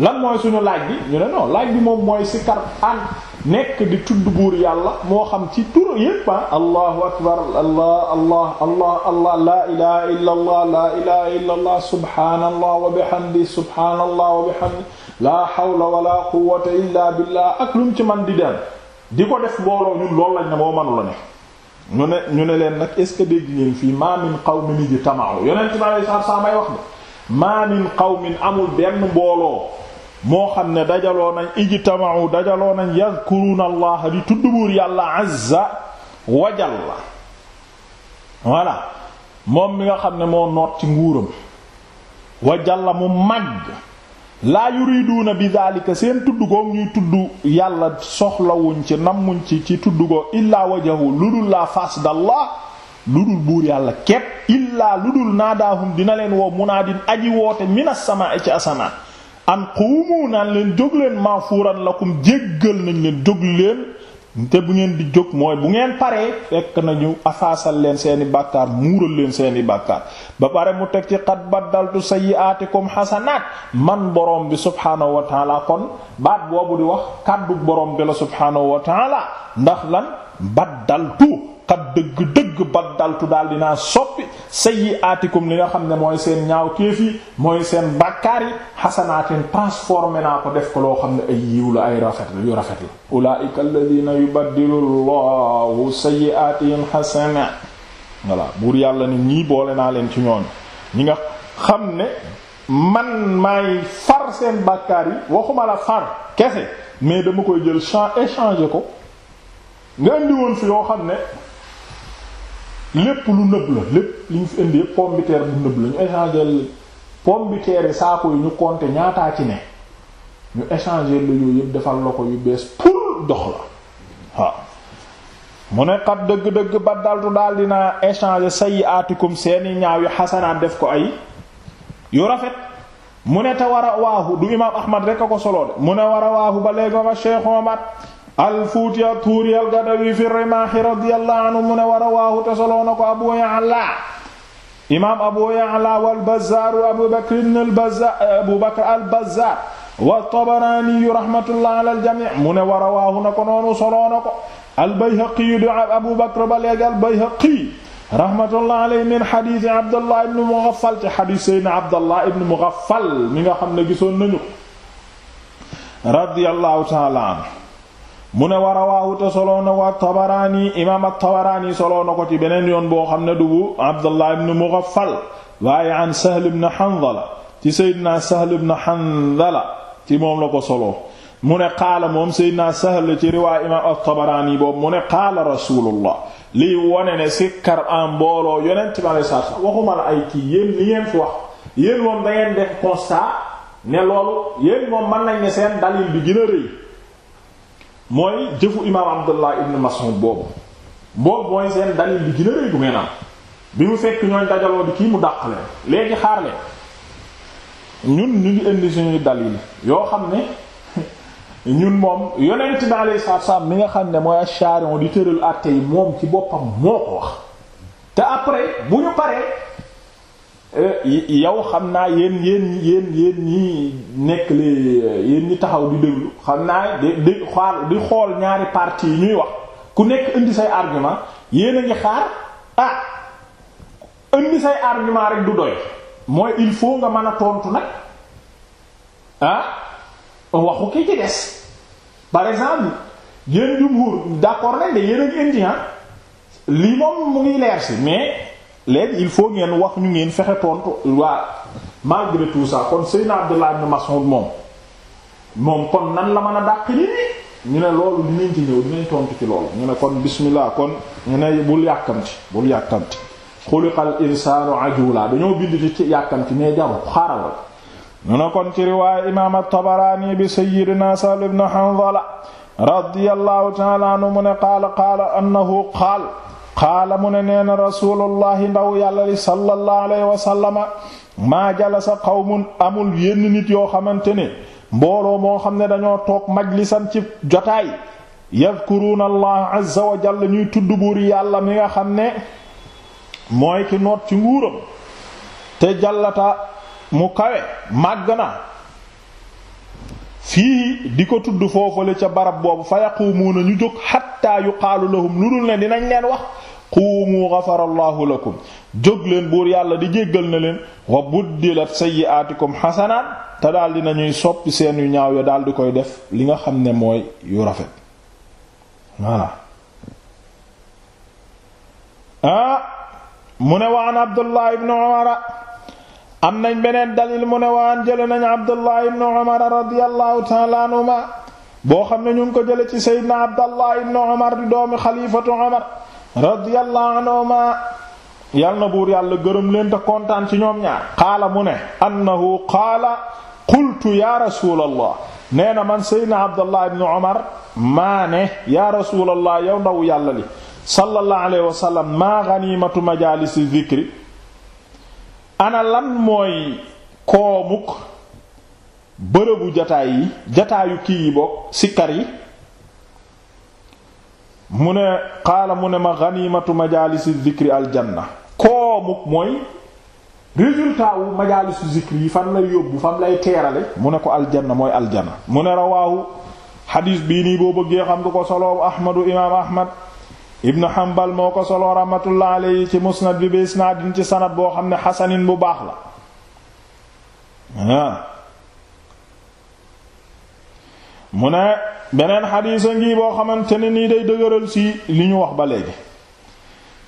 lan mooy suñu laaj bi ñu ne non laaj bi moom mooy si kar an nekk di tudd buur yàlla moo xam ci tur yépp ah. allahu akbar allah allah allah allah la ilaha illa allah la ilaha illa allah subhanallah wa bihamdi subhanallah wa bihamdi la hawla wala quwwata illa billah ak lu mu ci man di dem di ko def mbooloo ñun loolu lañ ne moo mënu ne ñu ne ñu ne leen nag est-ce que dégg ngeen fii ma min qawmin ijtama'u yonent bi sallallahu mi wasallam may wax ne ma min qawmin amul benn booloo moo xam ne dajaloo nañ ijtamau dajaloo nañ yadkuruna allah di tudd buur yàlla azza wa jalla voilà moom mi nga xam ne moo noot ci nguuram wa jalla mu màgg laa yuriduuna bi daalika seen tudd ko ñuy tudd yàlla soxlawuñ ci nammuñ ci ci tudd ko illaa wajahu lu dul laa faas lu dul buur yàlla képp illaa lu dul naadaahum dina leen woo munaadin aji woote minas samaa ci asamaan an xuumu naan leen jóg la ko lakum jéggal nañ leen jóg leen te bu ngeen di jóg mooy bu ngeen paree fekk nañu afaasal leen seeni bàkkaar muural leen seeni bàkkaar ba pare mu teg ci xat baddaltu sayyi'atikum xasanaat man borom bi subhaanahu wa taala kon baat boobu di wax kàddu borom bi la subhaanahu wa taala ndax lan baddaltu xat dëgg-dëgg baddaltu daal dinaa soppi sayyi'aatikum li nga xam ne mooy seen ñaaw téef yi mooy seen bàkkaar yi xasanaatin transformé naa ko def ko loo xam ne ay yiw la ay rafet la yu rafet la ulaa'ika alladhiina yubaddilu Allahu sayyi'aatihim xasana voilà buur yàlla ni ñii boole naa leen ci ñooñu ñi nga xam ne man maay far seen bàkkaar yi waxuma la far kese mais dama koy jël champ échanger ko nga indi woon fi yoo xam ne lépp lu nëb la lépp li ñu fi indi yëpp pomme bu nëb la ñu échanger pomme de yi saako yi ñu compter ñaataa ci ne ñu échanger la yooyu yëpp defal la ko yu bees pour dox la waaw mu ne xat dëgg-dëgg ba daltu daal dinaa échanger sayi aatikum seeni ñaaw yi xasanaat def ko ay yu rafet mu ne te war a waahu du imaam Ahmad rek a ko solo de mu ne war a waahu ba léegi ba Cheikh Omar alfuuti a tuuri algadawi fi rimaahi radiyallahu anhu mu ne war a waahu te soloona ko abu ya'la imaam abu ya'la wal bazzaar abu bakr ibn al bazzaar abu bakr al bazzaar wa tabaraani rahmatullah ala al jamii mu ne war a waahu na ko noonu soloona ko al bayhaqi abu bakr ba léegi al bayhaqi rahmatullah alayhi min xadiisi abdallah ibn mughaffal ci xadiis seydna abdallah ibn mughaffal mi nga xam ne gisoon nañu ko radiyallahu ta'ala anhu mu ne war a waawuta soloo na ko tabaraani imaam at-tabaraani soloo na ko ci beneen yoon boo xam ne dubu abdullah ibn mughaffal waaye an sahl ibn hanzala ci seydinaa sahl ibn hanzala ci moom la ko soloo mu ne qaala moom seydinaa sahl ci riwaay imaam at-tabaraani boobu mu ne qaala rasulullah lii wone ne sikkar en mbooloo yonent ma sax waxuma la ay kii yéen li ngeen fi wax yéen moom da ngeen def constat ne loolu yéen moom mën nañ ne seen dalil bi gën a rëy mooy jëfu imaam abdullah ibn mas'ud boobu boobu mooy seen dalil bi gën a rëy bi mu fekk ñooñ dajaloo bi kii mu dàq leen léegi xaar leen ñun ñu ngi indi suñuy dalil yoo xam ne <laughs> ñun moom yonent bi alayhi salaatu salaam mi nga xam ne mooy asharion di tëral àtte yi moom ci boppam moo ko wax te après bu ñu paree Euh, yow xam naa yéen yéen yéen yéen ñi nekk li euh, yéen ñi taxaw di déglu xam naa di di xool di xool ñaari partie yi ñuy wax ku nekk indi say argument yéen a ngi xaar ah indi say argument rek du doy mooy il faut nga mën a tontu nag ah waxu ki ci des par exemple yéen jumhur d'accord nañ de yéen a ngi indi ah, lii moom mu ngi leer si mais. léegi il faut wax ñu ngeen fexe tontu waa malgré tout ça kon Seydina Abdullah ibn Mas'ud moom moom kon nan la man a dàq nit ñi ne loolu dinañ ci ñëw dinañ tontu ci loolu ñu ne kon bismillah kon ñu ne bul yàkkamti bul yàkkamti xuliqal insaanu ajula dañoo bind ci yàkkamti mais jaru xaaral la ñu ne kon ci riwaaya imaam at-Tabaraani bi sayyidina Sahl ibn Hanzala radiyallahu ta'ala anhu mu ne qaala qaala annahu qaala qaala mu ne nee na ndaw yàlla li sallallahu alayhi wa sallama maa jalasa qawmun amul yenn nit yoo xamante ne mbooloo moo xam ne dañoo toog majlisan ci jotaay yadkuruuna allah azza wa jalla ñuy tudd buur yàlla mi nga xam ne mooy ki noot ci nguuram te jallata mu kawe màgg na fii di ko tudd foofale ca barab boobu fa yaqumuuna ñu jóg xattaa yuqaalu lahum lu dul ne dinañ leen wax quumu gafarallahu lakum jóg leen buur yàlla di jéggal na leen wa buddilat sayyi'aatikum xasanaat te daal nañuy soppi seen yu ñaaw ya daal di koy def li nga xam ne mooy yu rafet ah, mu ne waan Abdullah ibn Umar am nañ beneen dalil mu ne waan jële nañ Abdullah ibn Umar radiyallahu ta'ala anhuma boo xam ne ñu ko jële ci Seydina Abdullah ibn Umar di doomi xalifatu Umar radiyallahu anhuma yal na buur yàlla gërëm leen kontaan ci ñoom ñaar qaala mu ne annahu qaala qultu ya rasulallah nee na man seydna abdallah ibni omar maa ne ya rasulallah yow ndaw yàlla li sallallahu alayhi wa sallam maa ganimatu majalisi zikri ana lan mooy koomuk bërëbu jataay yi jataayu kii yi sikkar yi mu ne xaala mu ne ma ganimatu majalisi zikri aljanna koomuk mooy résultat wu zikri yi fan lay yóbbu fan lay teerale mu ne ko aljanna mooy aljanna mu ne rawaahu xadiis bii nii boo bëggee xam nga ko solo ahmadu imaam ahmad ibnu hanbal moo ko solo rahmatullah alayhi ci musnad bi bi isnaadin ci sanad boo xam ne xasanin bu baax la mu beneen xadiis boo xamante ne nii day dëgëral si li ñu wax ba léegi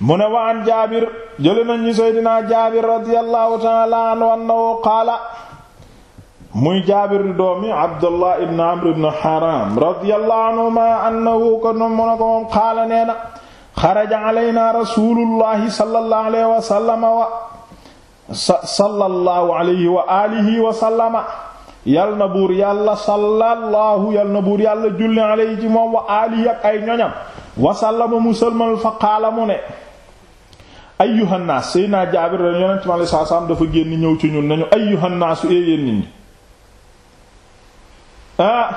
mu ne waan jaabir jële nañ ñi seydinaa jaabir radiyallahu taala anhu annahu qaala muy jaabir doomi abdullah ibn amr ibn haram radiyallahu anhuma annahu ko nom mu ne ko moom qaala nee na xaraja alaynaa rasulullahi wa sallama wa sallallahu yal na buur yàlla sallallahu yal na buur yàlla julli alayhi ci moom wa aalihi ak ay fa qaala mu ne ayyuhannaas Jaabir ren yonent mi dafa génn ñëw ci ñun nañu ayyuhannaasu éeyéen eh, nit ñi ah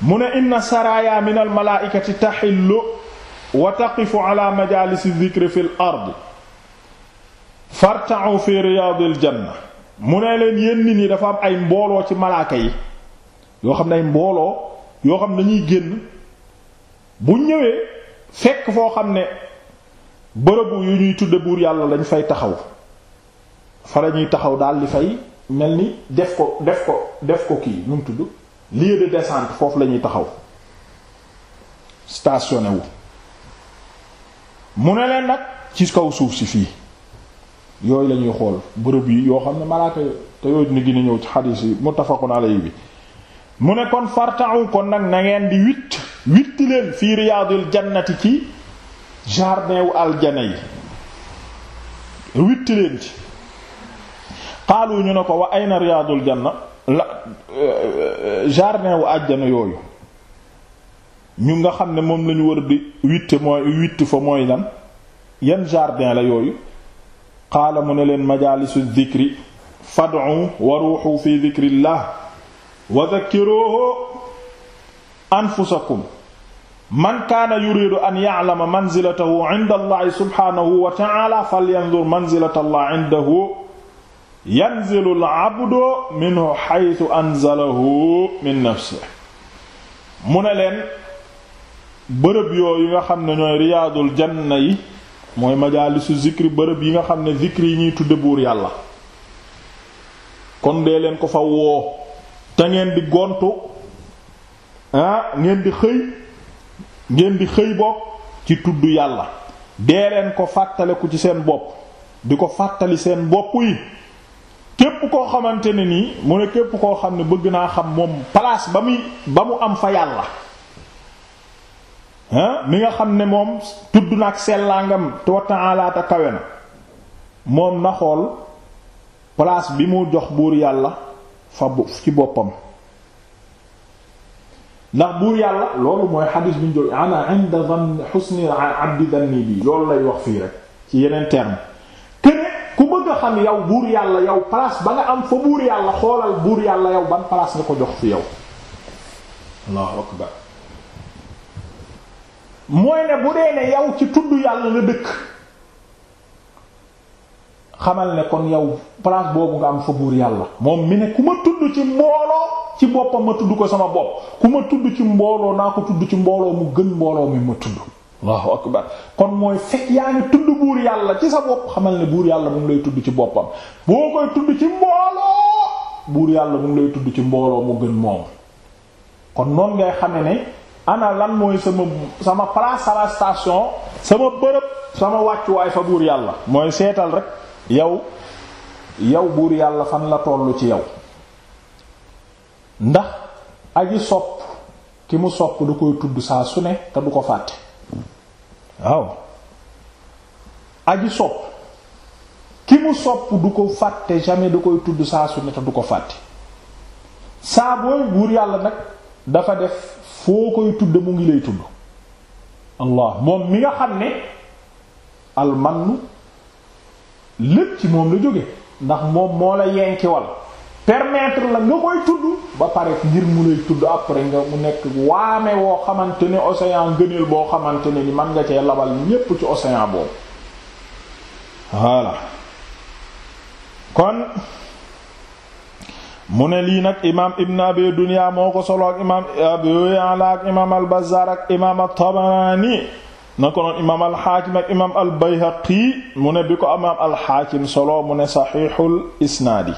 mu ne inna saraya min al malaaikati wa taqifu ala majaalisi dhikri fil ard farta'u fi riyaadil janna mu ne leen yéen nit ñi dafa am ay mbooloo ci malaaka yi yoo xam ne ay mbooloo yoo xam ne dañuy génn bu ñëwee fekk foo xam ne bërëbu yu ñuy tudd buur yàlla lañu fay taxaw fa la ñuy taxaw daal di fay mel ni def ko def ko def ko kii nu mu tudd lieu de descente foofu la ñuy taxaw stationné mu ne leen nag ci kaw suuf si fii yooyu la ñuy xool bërëb yi yoo xam ne malaaka te yooyu ni gën ñëw ci xadiis yi muttafaqun alayhi bi mu ne kon farta'u kon nag na ngeen di witt witti leen fii riyaadul jannati ci jardin wu aljana yi witti leen ci xaalu ñu ne ko wa ayna riyaadul janna la jardin wu àjjana yooyu ñu nga xam ne moom lañu war di witte mooy witt fa mooy lan yan jardin la yooyu qaala mu ne leen majaalisu dikri fad'u wa ruuxu fi dikrillah wa dhakkiruhu anfusakum man kaana yuridu an ya'lama manzilatahu 'inda allahi subhaanahu wa ta'aala falyanzur manzilatallahi 'indahu yanzilu al-'abdu minhu haythu anzalahu min nafsihi mu ne leen bërëb yooyu nga xam ne ñooy riyaadul janna yi mooy majaalisu zikri bërëb yi nga xam ne zikri yi ñuy tudd buur yàlla kon dee leen ko fa woo te ngeen di gontu ah ngeen di xëy ngeen di xëy bopp ci tudd yàlla dee leen ko fàttaliku ci seen bopp di ko fàttali seen bopp yi képp koo xamante ne nii mu ne képp koo xam ne bëgg naa xam moom place ba muy ba mu am fa yàlla mi nga xam ne moom tudd na ak sellaangam te wa ta'ala kawe na moom na xool place bi mu jox buur yàlla fa ci boppam ndax buur yàlla loolu mooy xadiis bi ñu jox ana inda dhann husni abdi dhanni bi loolu lay wax fii rek ci yeneen terme kene ku bëgg a xam yow buur yàlla yow place ba nga am fa buur yàlla xoolal buur yàlla yow ban place nga ko jox fi yow allahu akbar mooy ne bu dee ne yow ci tudd yàlla la dëkk xamal ne kon yow place boobu nga am fa buur yàlla moom mi ne ku ma tudd ci mbooloo ci boppam ma tudd ko sama bopp ku ma tudd ci mbooloo naa ko tudd ci mbooloo mu gën mbooloo mi ma tudd kon mooy fekk yaa ngi tudd buur yàlla ci sa bopp xamal ne buur yàlla mu lay tudd ci boppam boo koy ci buur yàlla mu lay tudd ci mbooloo mu gën moom ne ana lan mooy sama sama place à la station sama bërëb sama wàccuwaay fa buur yàlla mooy seetal rek yow yow buur yàlla fan la tollu ci yow ndax aji sopp ki mu sopp du koy tudd su ne te du ko fàtte waaw aji sopp ki ko fàtte jamais du koy tudd saa su ne te du ko fàtte saa booy buur yàlla nag dafa def foo koy tudd mu ngi lay tudd allah moom mi nga xam ne almannu lépp ci moom la jóge ndax moom moo la yenkiwal permetre la nga koy tudd ba pare ngir mu lay tudd après nga mu nekk waame woo xamante ne océan gëneel boo xamante ne ni mën nga cee labal ñépp ci océan boobu voilà kon mu ne lii nag imaam Ibn Abi Dunya moo ko solo ak imaam Abu Ya'la ak imaam al-Bazzar ak imaam at-Tabarani na ko noon imaam al-Hakim ak imaam al-Bayhaqi mu ne bi ko imaam al-Hakim solo mu ne saxiixul isnaadi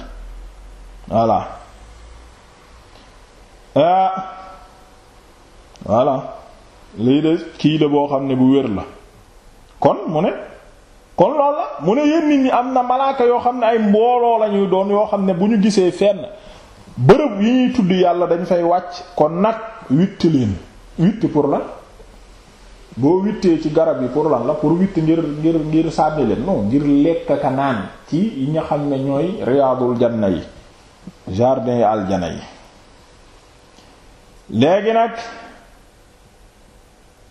voilà ah, lii de kii la boo xam ne bu wér la kon mu ne. kon loolu la mu ne yéen nit ñi am na malaaka yoo xam ne ay mbooloo la ñuy doon yoo xam ne bu ñu gisee fenn bërëb yi ñuy tudd yàlla dañ fay wàcc kon nag witti leen witti pour la boo wittee ci garab yi pour lan la pour witti ngir ngir ngir sànni leen non ngir lekk ka ci ña xam ne ñooy riyaadul janna yi jardin yi aljana yi léegi nag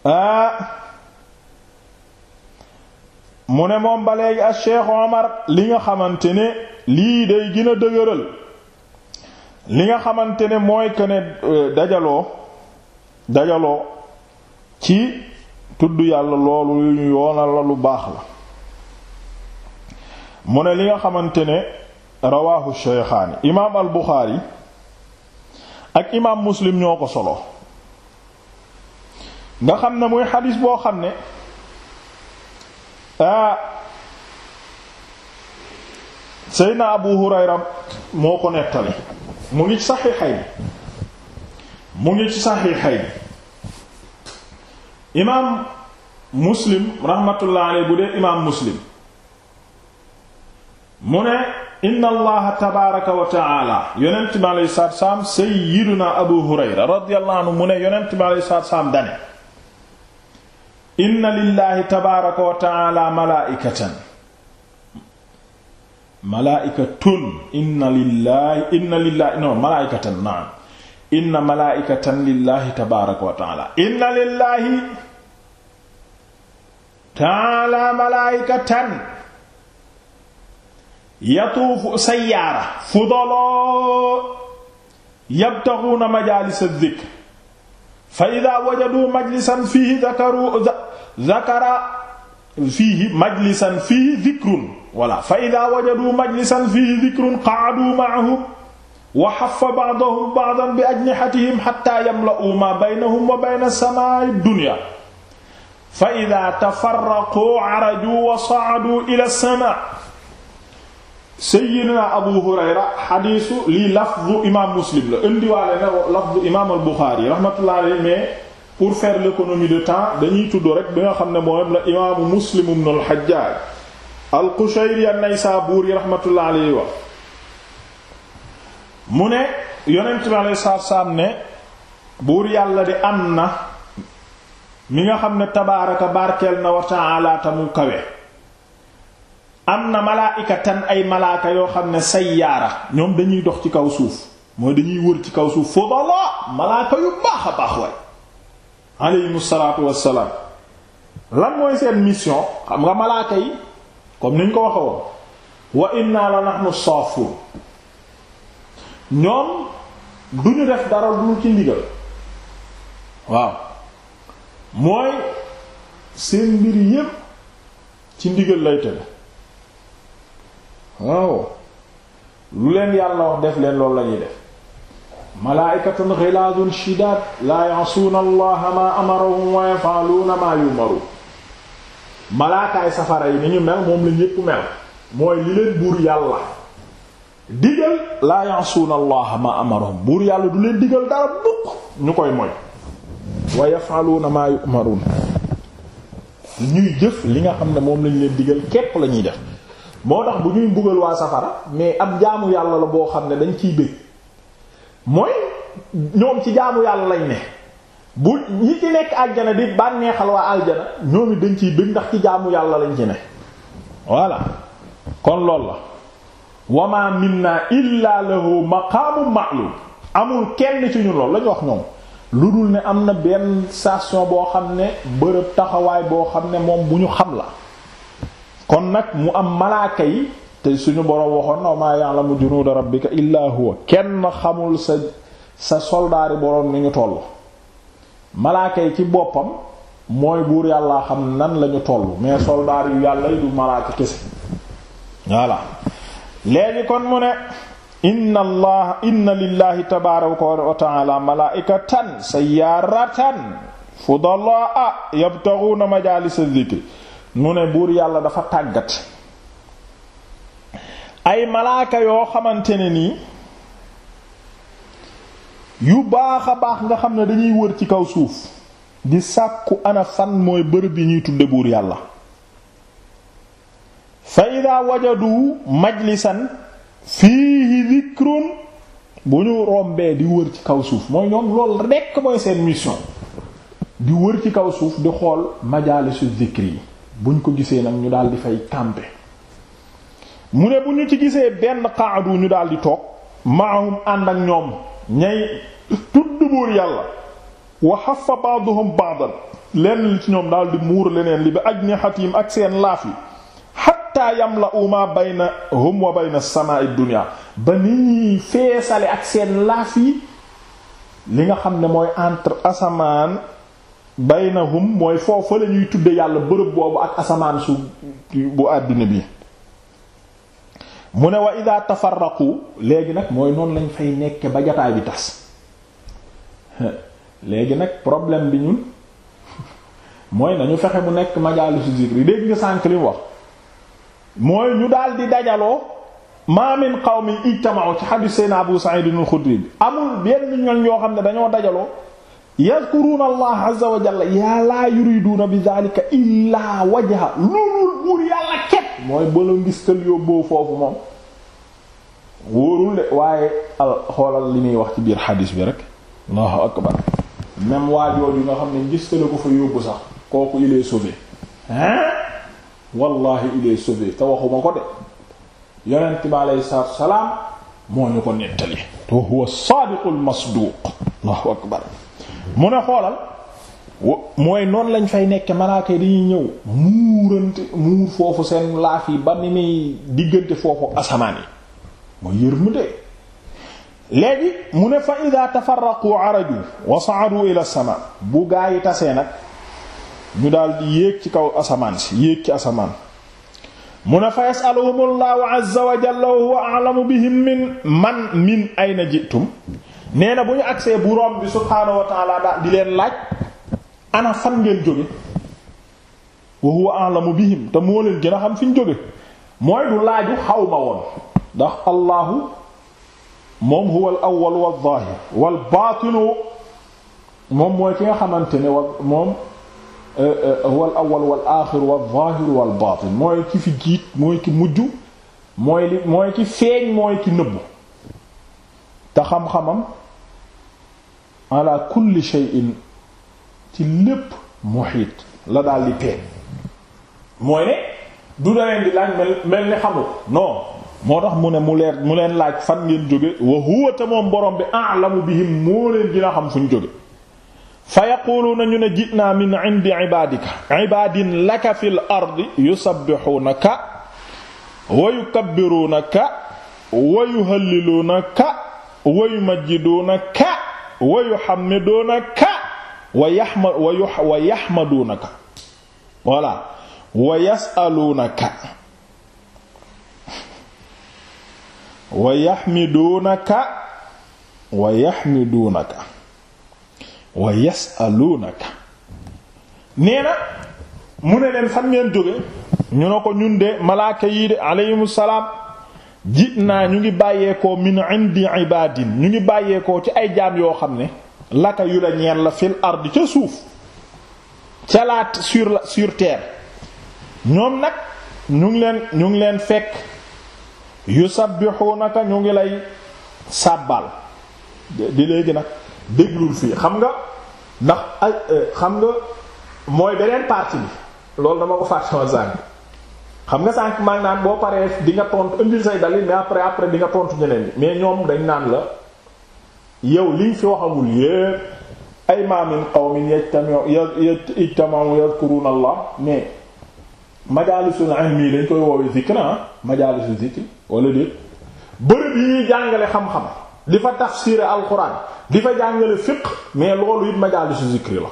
ah, mu ne moom ba léegi ak Cheikh Omar li nga xamante ne lii day gën a dëgëral li nga xamante ne mooy que ne euh, dajaloo dajaloo ci tudd yàlla loolu yu ñu yoonal la lu baax la mu ne li nga xamante ne rawahu Shaykhaani imaam al Buxaari ak imaam Muslim ñoo ko solo nga xam ne muy xadiis boo xam ne ah Seydina Abu Hurayra moo ko nettali mu ngi ci saxiixay mu ngi ci saxiixay imaam Muslim rahmatullah alayhi bu dee imaam Muslim mu ne inna allaha tabaaraka wa taala yonent mi alayhi salaatu salaam Seydina Abu Hurayra radiyallahu anhu mu ne yonent mi alayhi salaatu salaam dane inna lillahi tabaaraka wa taala malaaikatan malaaikatun inna lillahi inna lillahi non malaaikatan naam inna malaaikatan lillahi tabaaraka wa taala inna lillahi taala malaaikatan yatuufu sayyaara fudaloo yabtaxuuna majaalisa dhikr fa idaa wajaduu majlisan fiihi dhakaruu zakara fiihi majlisan fiihi dhikrun wala fa idha wajadu majlisan fiihi dhikrun qa'adu ma'ahu wa haffa ba'dahum ba'dan bi ajnihatihim hatta yamla'u ma baynahum wa bayna as-sama'i ad-dunya fa idha tafarraqu 'araju wa sa'adu ila as-sama' sayyidina abu hurayra xadiisu lii lafdu imaam muslim la indiwaale na lafdu imaam al-buxaari rahmatullahi alayhi pour faire l'économie de temps dañuy tudd rek bi nga xam ne moom la imaamu Muslim ibn al-Hajjaj al-Qushayri an-Naysaburi rahmatullah alayhi wax mu ne yonent bi alayhi salaatu ne buur yàlla di am na mi nga xam ne tabaaraka barkeel na wa ta'ala tamu kawe am na malaa'ika tan ay malaaka yoo xam ne sayyaara ñoom dañuy dox ci kaw suuf mooy dañuy wër ci kaw suuf fudala malaaka yu baax a baax waay aleyhim salaatu wassalaam lan mooy seen mission xam nga malaaka yi comme ni ñu ko wax woon wa inna la nahnu saafun ñoom du ñu def dara du ci ndigal waaw mooy seen mbir yépp ci ndigal lay tëdd waaw lu leen yàlla wax def leen loolu lañuy def malaa'ikatan ghilaadun shidaad laa ya'suuna allaha maa amarahum wa yaf'aluuna maa yu'maruun malaakaay safara yi ni ñu mel moom la ñépp mel mooy li leen buur yàlla digal laa ya'suuna allaha maa amarahum buur yàlla du leen digal dara bukk ñu koy moy wa yaf'aluuna maa yu'maruun ñuy jëf li nga xam ne moom lañ leen digal képp la ñuy def moo tax bu ñuy mbugal waa safara mais ab jaamu yàlla la boo xam ne dañ ciy bëgg mooy ñoom ci jaamu yàlla lañ ne bu ñi ci nekk aljana di bànneexal waa aljana ñoom it dañ ciy bëgg ndax ci jaamu yàlla lañ ci ne voilà kon loolu la wama minna illa lahu maqaamun ma'lum amul kenn ci ñun loolu lañu wax ñoom lu dul ne am na benn station boo xam ne bërëb taxawaay boo xam ne moom bu ñu xam la kon nag mu am malaaka yi te suñu boroom waxoon na maa ya'lamu junuuda rabbika illaa huwa kenn xamul sa soldaari boroom ni ñu toll malaaka yi ci boppam mooy buur yàllaa xam nan lañu toll mais soldaar yu yàlla yi du malaaka kese voilà léegi kon mu ne inna allah inna lillahi tabaaraka wa ta'ala malaa'ikatan sayyaaratan fudalaa yabtaghuuna majaalisa dhikri mu ne buur yàlla dafa tàggat ay malaaka yoo xamante ne nii yu baax a baax nga xam ne dañuy wër ci kaw suuf di sàkku ana fan mooy bërëb yi ñuy tudde buur yàlla fa ida wajadu majlisan fiihi dhikrun bu ñu rombee di wër ci kaw suuf mooy ñoom lool rekk mooy seen mission di wër ci kaw suuf di xool majaalisu zikri yi buñ ko gisee nag ñu daal di fay camper mu ne bu ñu ci gisee benn qaadu ñu daal di toog maahum ànd ak ñoom ñay tudd buur yàlla wa haffa ba'dhum ba'dan lenn li ci ñoom daal di muur leneen li bi ajnihatim ak seen laaf yi hatta yamla'u ma baynahum wa bayna as-samaa'i ad ba ni ñuy feesale ak seen laaf yi li nga xam ne mooy entre asamaan baynahum mooy foofa la ñuy tudde yàlla bërëb boobu ak asamaan su bu àddina bi mu ne wa ida tafarraqu léegi nag mooy noonu lañ fay nekke ba jataay bi tas <laughs> léegi nag problème bi ñun <laughs> mooy nañu fexe bu nekk majaalisu zikri dégg nga sànk li mu wax mooy ñu daal di dajaloo ma min qawmin ijtama'u ci hadith sayna Abu Sa'id al-Khudri bi yoo xam ne dañoo dajaloo yadhkuruna Allah azza wa la yuriduna bi dhalika illa wajha loolul buur yàlla mooy bala ngistal yóbboo foofu moom wóorul de waaye al xoolal li muy wax ci biir xadis bi rek Allahu akbar même waajoor yi nga xam ne ngistale ko fa yóbbu sax kooku il est sauvé hein wallahi il est sauvé te waxuma ko de yonent bi aleyhi salaatu salaam moo ñu ko nettali te huwa saadiqul masduuq Allahu akbar mu ne xoolal mooy noonu lañ fay nekk malaaka yi dañuy ñëw muurante muur foofu seen laaf yi ba ni muy diggante foofu asamaan yi mooy yërmande léegi mu ne fa ida tafarraqu araju wa sa'adu ila sama bu gaa yi tasee nag ñu daal di yéeg ci kaw asamaan si yéeg ci asamaan mu ne fa yasaluhum llahu azza wa a'lamu bihim min man min ayna jitum nee na bu ñu agsee bu rom bi subhaanahu daal di leen laaj ana fan ngeen jóge wa huwa a'lamu bihim te moo leen gën a xam fi ñu jóge mooy du laaju xaw ma woon ndax allahu moom huwa al awwal wal zaahir wal baatinu moom mooy ki nga xamante ne wa moom eh, eh, huwa al awwal wal aaxir wal zaahir wal baatin mooy ki fi jiit mooy ki mujj mooy li mooy ki feeñ mooy ki nëbbu te xam-xamam ala kulli shay'in ci lépp muhit la daal du da leen di mel mel ni xamul non moo mu ne mu leer laaj fan ngeen jóge wa huwa ta borom bi a'lamu bihim moo leen dina xam fu ñu jóge fa yaquluuna ñu ne ji'naa min indi ibadika ibadin laka fil ardi yusabbihuunaka wa yukabbiruunaka wa yuhalliluunaka wa yumajjiduunaka wa yuhammiduunaka wa yaxma wa yaxmaduunaka voilà wa yasaluunaka wa yaxmiduunaka wa yaxmiduunaka wa yasaluunaka nee na mu ne leen fan ngeen jóge ñu ne ko ñun de malaaka yii de aleyhum salaam ji naa ñu ngi bàyyeekoo min indi ibaadin ñu ngi bàyyeekoo ci ay jaam yoo xam ne laka yu la ñeel la fil ard ca suuf ca laat sur la sur terre ñoom nag ñu ngi leen ñu ngi leen fekk yusabbihunaka ñu ngi lay sàbbal di léegi nag déglul fii xam nga ndax ay eh, xam nga mooy beneen partie bi loolu dama ko fàttewoon sànq xam nga sànq maa ngi naan boo paree di nga tontu indil say dalil mais après après di nga tontu ñeneen mais ñoom dañ naan la. yow liñ fi waxamul yépp ay ma min qawmin yajtami'u yadhkuruna allah mais majalisul ilmi dañ koy woowee zikr ah majalisul zikr wala déet bërëb yi ñuy jàngale xam-xam di fa tafsir alquran di fa jàngale fiqh mais loolu it majalisul zikr la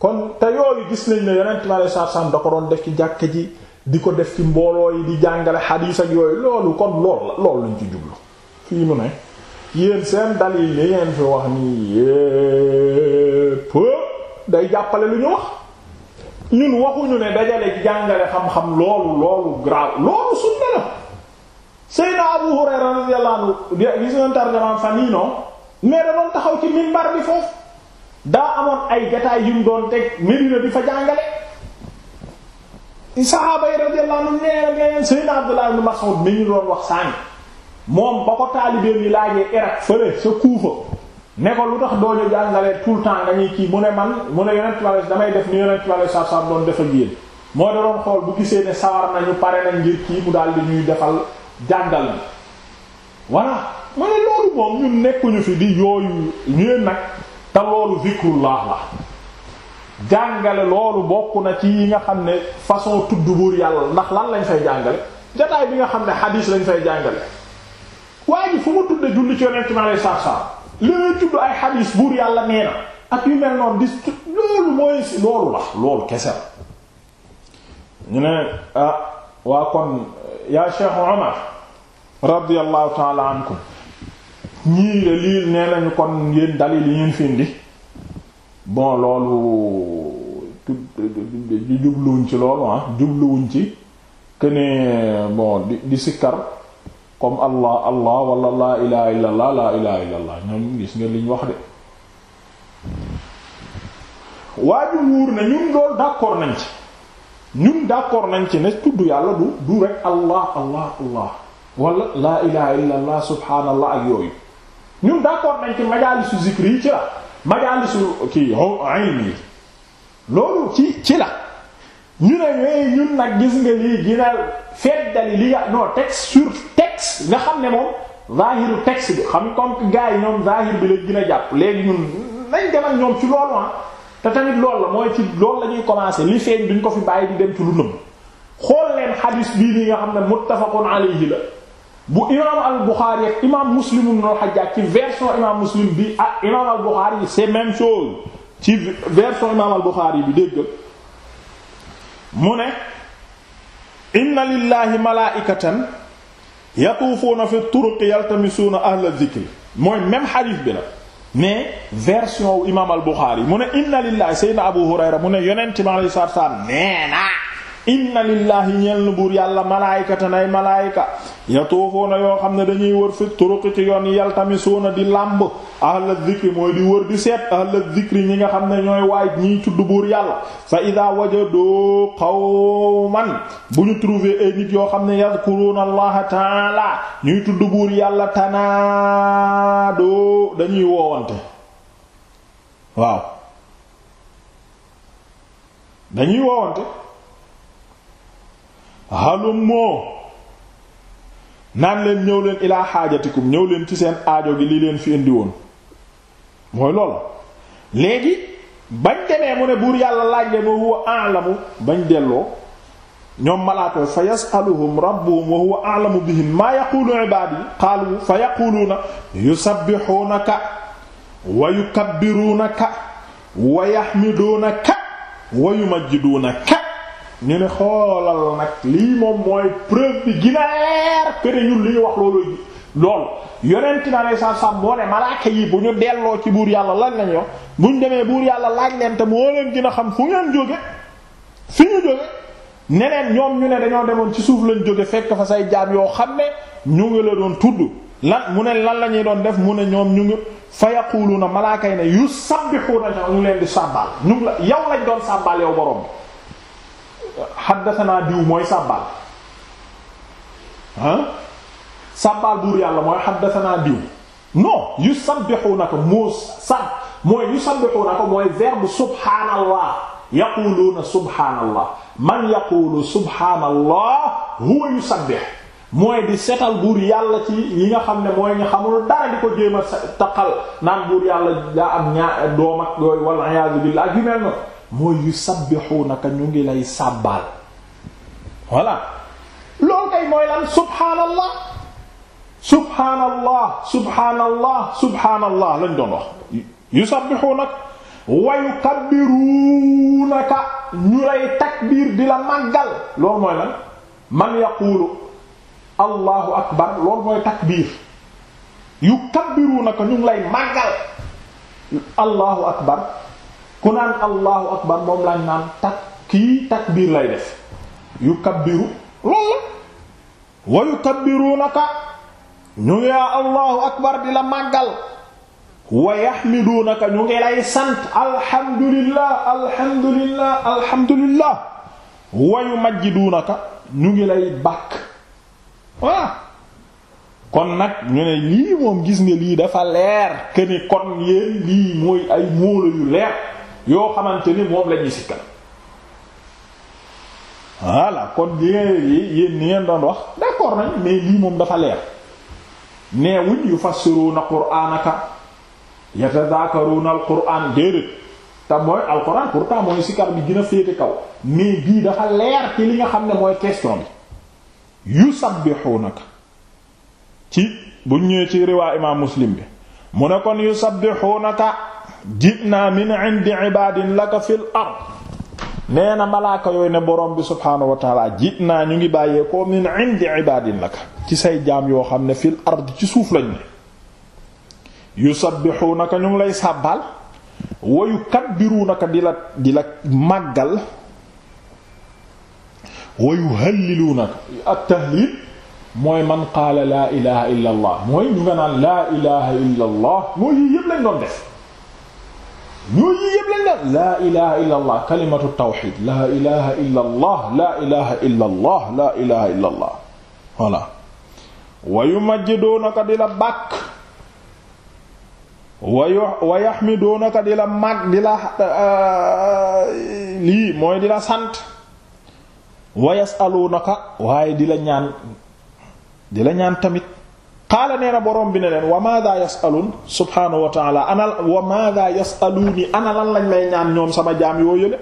kon te yooyu gis nañ ne yonent mi alei satu salaam da ko doon def ci jàkka ji di ko def ci mbooloo yi di jàngale xadiis ak yooyu loolu kon loolu la loolu lañ ci jublu fii nu ne yéen seen dalil yi ngeen fi wax nii yépp day jàppale lu ñu wax ñun waxuñu ne dajale jàngale xam-xam loolu loolu graaw loolu sunna la Seydina Abu Hurayra radiyallahu anhu gis ngeen tarjamaan fan yii noonu mais taxaw ci minbar bi foofu daa amoon ay jataay yu doon teg Medina bi fa jàngale saxaaba yi radiyallahu anhu nee na Seydina Abdullah ibn Mas'ud mi ñu doon wax sànni moom ba ko taalibeem yi laajee Irak fële sa kuufa ne lu tax doo ñu jàngalee temps le temps dañuy kii mu ne man mu ne yonent bi damay def ni yonent bi saa saa doon def ak yéen moo da doon xool bu gisee ne sawar nañu pare nañ ngir kii mu daal di ñuy defal jàngal na voilà mu ne loolu moom ñun nekkuñu fi di yooyu ñeen nag te loolu zikrullah la jàngale loolu bokk na ci yi nga xam ne façon tudd buur yàlla ndax lan lañu fay jàngale jataay bi nga xam ne hadis lañ fay jàngale waa ji fu mu tudde julli ci yonent mi alayhi salaatu salaam lay tudd ay xadiis buur yàlla nee na ak yu mel noonu dis loolu mooy si loolu la loolu kese ñu ne ah waa kon yaa Cheikh nañu kon yéen dalil yi ngeen bon loolu tudd jubluwuñ ci loolu ah jubluwuñ ci que bon di sikkar comme allah allah wala laa ilaha illa allah laa ilaha illa allah liñ wax de waaju wuur ne ñun loolu d'accord nañ ci ñun d'accord nañ ci ne tudd yàlla du du rek allah allah allah wala laa ilaha illa subhaanallah ak yooyu ñun d'accord nañ ci majaalisu zikri yi ci la majaalisu kii ilmi yi loolu ci ci la ñu ne mais eh, ñun nag gis nga lii gina feddali li nga non texte sur texte nga xam ne moom zahiru texte bi xam comme que gars yi ñoom zahir bi la gën a jàpp léegi ñun nañ dem ak ñoom ci loolu ah te tamit loolu la mooy ci loolu la ñuy commencer li feeñ duñ ko fi bàyyi di dem ci lu nëbb xool leen xadiis bii nii nga xam ne muttafaqun alayhi la bu imaam al Buxaari ak imaam Muslim ibn al Hajjaj ci version imaam Muslim bi ak imaam al Buxaari c'est même chose ci version imaam al Buxaari bi dégg mu ne inna lillahi malaa'ikatan yatuufuuna fi turuqi yaltamisuuna ahla dhikri mooy même xadiis bi la mais version wu imaam al Buxaari mu ne inna lillahi sayyidina Abu Hurayra mu ne yonent bi alayhi salaatu wa salaam nee na inna lillahi ñeel na buur yàlla malaayikatan ay malaayika yatuufuuna yoo xam ne dañuy wër fi turuqi ci yoon yaltamisuuna di làmb ahla dhikri mooy di wër di seet ahla dhikri ñi nga xam ne ñooy waay ñiy tudd buur yàlla fa ida wajadu qawman bu ñu trouver ay nit yoo xam ne yadhkuruuna allaha taala ñuy tudd buur yàlla tanaado dañuy woowante waaw dañuy woowante halum moo naan leen ñëw leen ilaa xaajatikum ñëw leen ci seen aajo gi li leen fi indi woon mooy lool léegi bañ demee mu ne buur yàlla laaj leen wa huwa a'lamu bañ delloo ñoom malaatoo fa yasaluhum rabbuhum wa huwa a'lamu bihim maa yaqulu ibaadi qaalu fa yaquluuna yusabbihuunaka wa yukabbiruunaka wa yaxmiduunaka wa yumajjiduunaka ñu ne xoolal nag lii moom mooy preuve bi gina leer que ñun li wax loolu loolu yonent na lay sa sam moo ne malaaka yi bu ñu delloo ci buur yàlla lañ lañ yo buñ demee buur yàlla laaj leen te moo leen gën a xam fu ngeen jóge fi ñu ñoom ñu ne dañoo demoon ci suuf lañ jóge fekk fa say jaam yoo xam ne ñu ngi la doon tudd lan mu ne lan la ñuy doon def mu ne ñoom ñu ngi fa yaquluuna malaaka yi ne yusabbihuna ñu leen di sàbbaal ñu la yow lañ doon sàbbaal yow borom xaddasanaa diw mooy sàbbaal ah sàbbaal buur yàlla mooy xaddasanaa diw non yu sabbixuuna ko moo sab mooy yu sabbixuuna ko mooy verbe subhaanallah yaquluuna subhaanallah man yaqulu subhaanallah huwa yusabbix mooy di setal buur yàlla ci yi nga xam ne mooy ñu xamul dara di ko jéem a taqal naan buur yàlla daa am ñaa doom ak yooyu wal iyaazu billaah yu mel noonu mooy yu sabbixuunaka ñu ngi lay sàbbaal voilà loolu kay mooy lan subhaanallah subhaanallah subhaanallah subhaanallah lañ doon wax yu sabbixuunaka wa yukabbiruunaka ñu lay takbiir di la màggal mooy lan man yaquulu allahu akbar loolu mooy takbiir yukabbiruunaka ñu ngi lay màggal allahu akbar ku naan allahu akbar moom lañ naan tak kii takbiir lay def yu kabbiru loolu la wa yukabbirunaka ñu ngi la màggal ñu ngi lay sant alhamdulillah alhamdulillah alhamdulillah wa yumajjiduunaka ñu ngi lay bàkk waa kon nag ñu ne lii moom gis nga lii dafa leer këni kon yéen lii mooy ay móolo yu leer yoo xamante ni moom la ñuy sikkal voilà kon yéen yéen ni ngeen doon wax d'accord nañ mais lii moom dafa leer neewuñ yufassiruna na yatadhakaruuna alquran déedéet te mooy alquran pourtant mooy sikar bi gën a féete kaw mais bii dafa leer ci li nga xam ne mooy question bi yusabbihunaka ci buñ ñëwee ci riwaa imaam muslim bi mu ne kon yusabbihunaka ji'naa min 'indi 'ibaadin laka fil ard nee na malaaka yooyu ne borom bi subhaanahu wa taala ñu ngi bàyyeekoo min 'indi 'ibaadin laka ci say jaam yoo xam ne fil ard ci suuf lañ ne yusabbihuunaka ñu ngi lay sàbbaal wa yukabbiruunaka di la di la màggal wa yuhalliluunaka at-tahliil mooy man qaala laa ilaha illa mooy yii yépp lañ doon def ñoo yi yëpp lañ def laa ilaha illa allah kalimatu tawxid laa ilaha illa allah laa ilaha illa allah di la bàkk wayu wa yaxmidoonaka di la mag euh, di la sant wa yasaluunaka di la ñaan di la ñaan tamit qaala nee na borom bi ne leen wa maada yasaluun subhaanahu wa ana wa maada yasaluuni ana lan lañ lay ñaan ñoom sama jaam yoo yële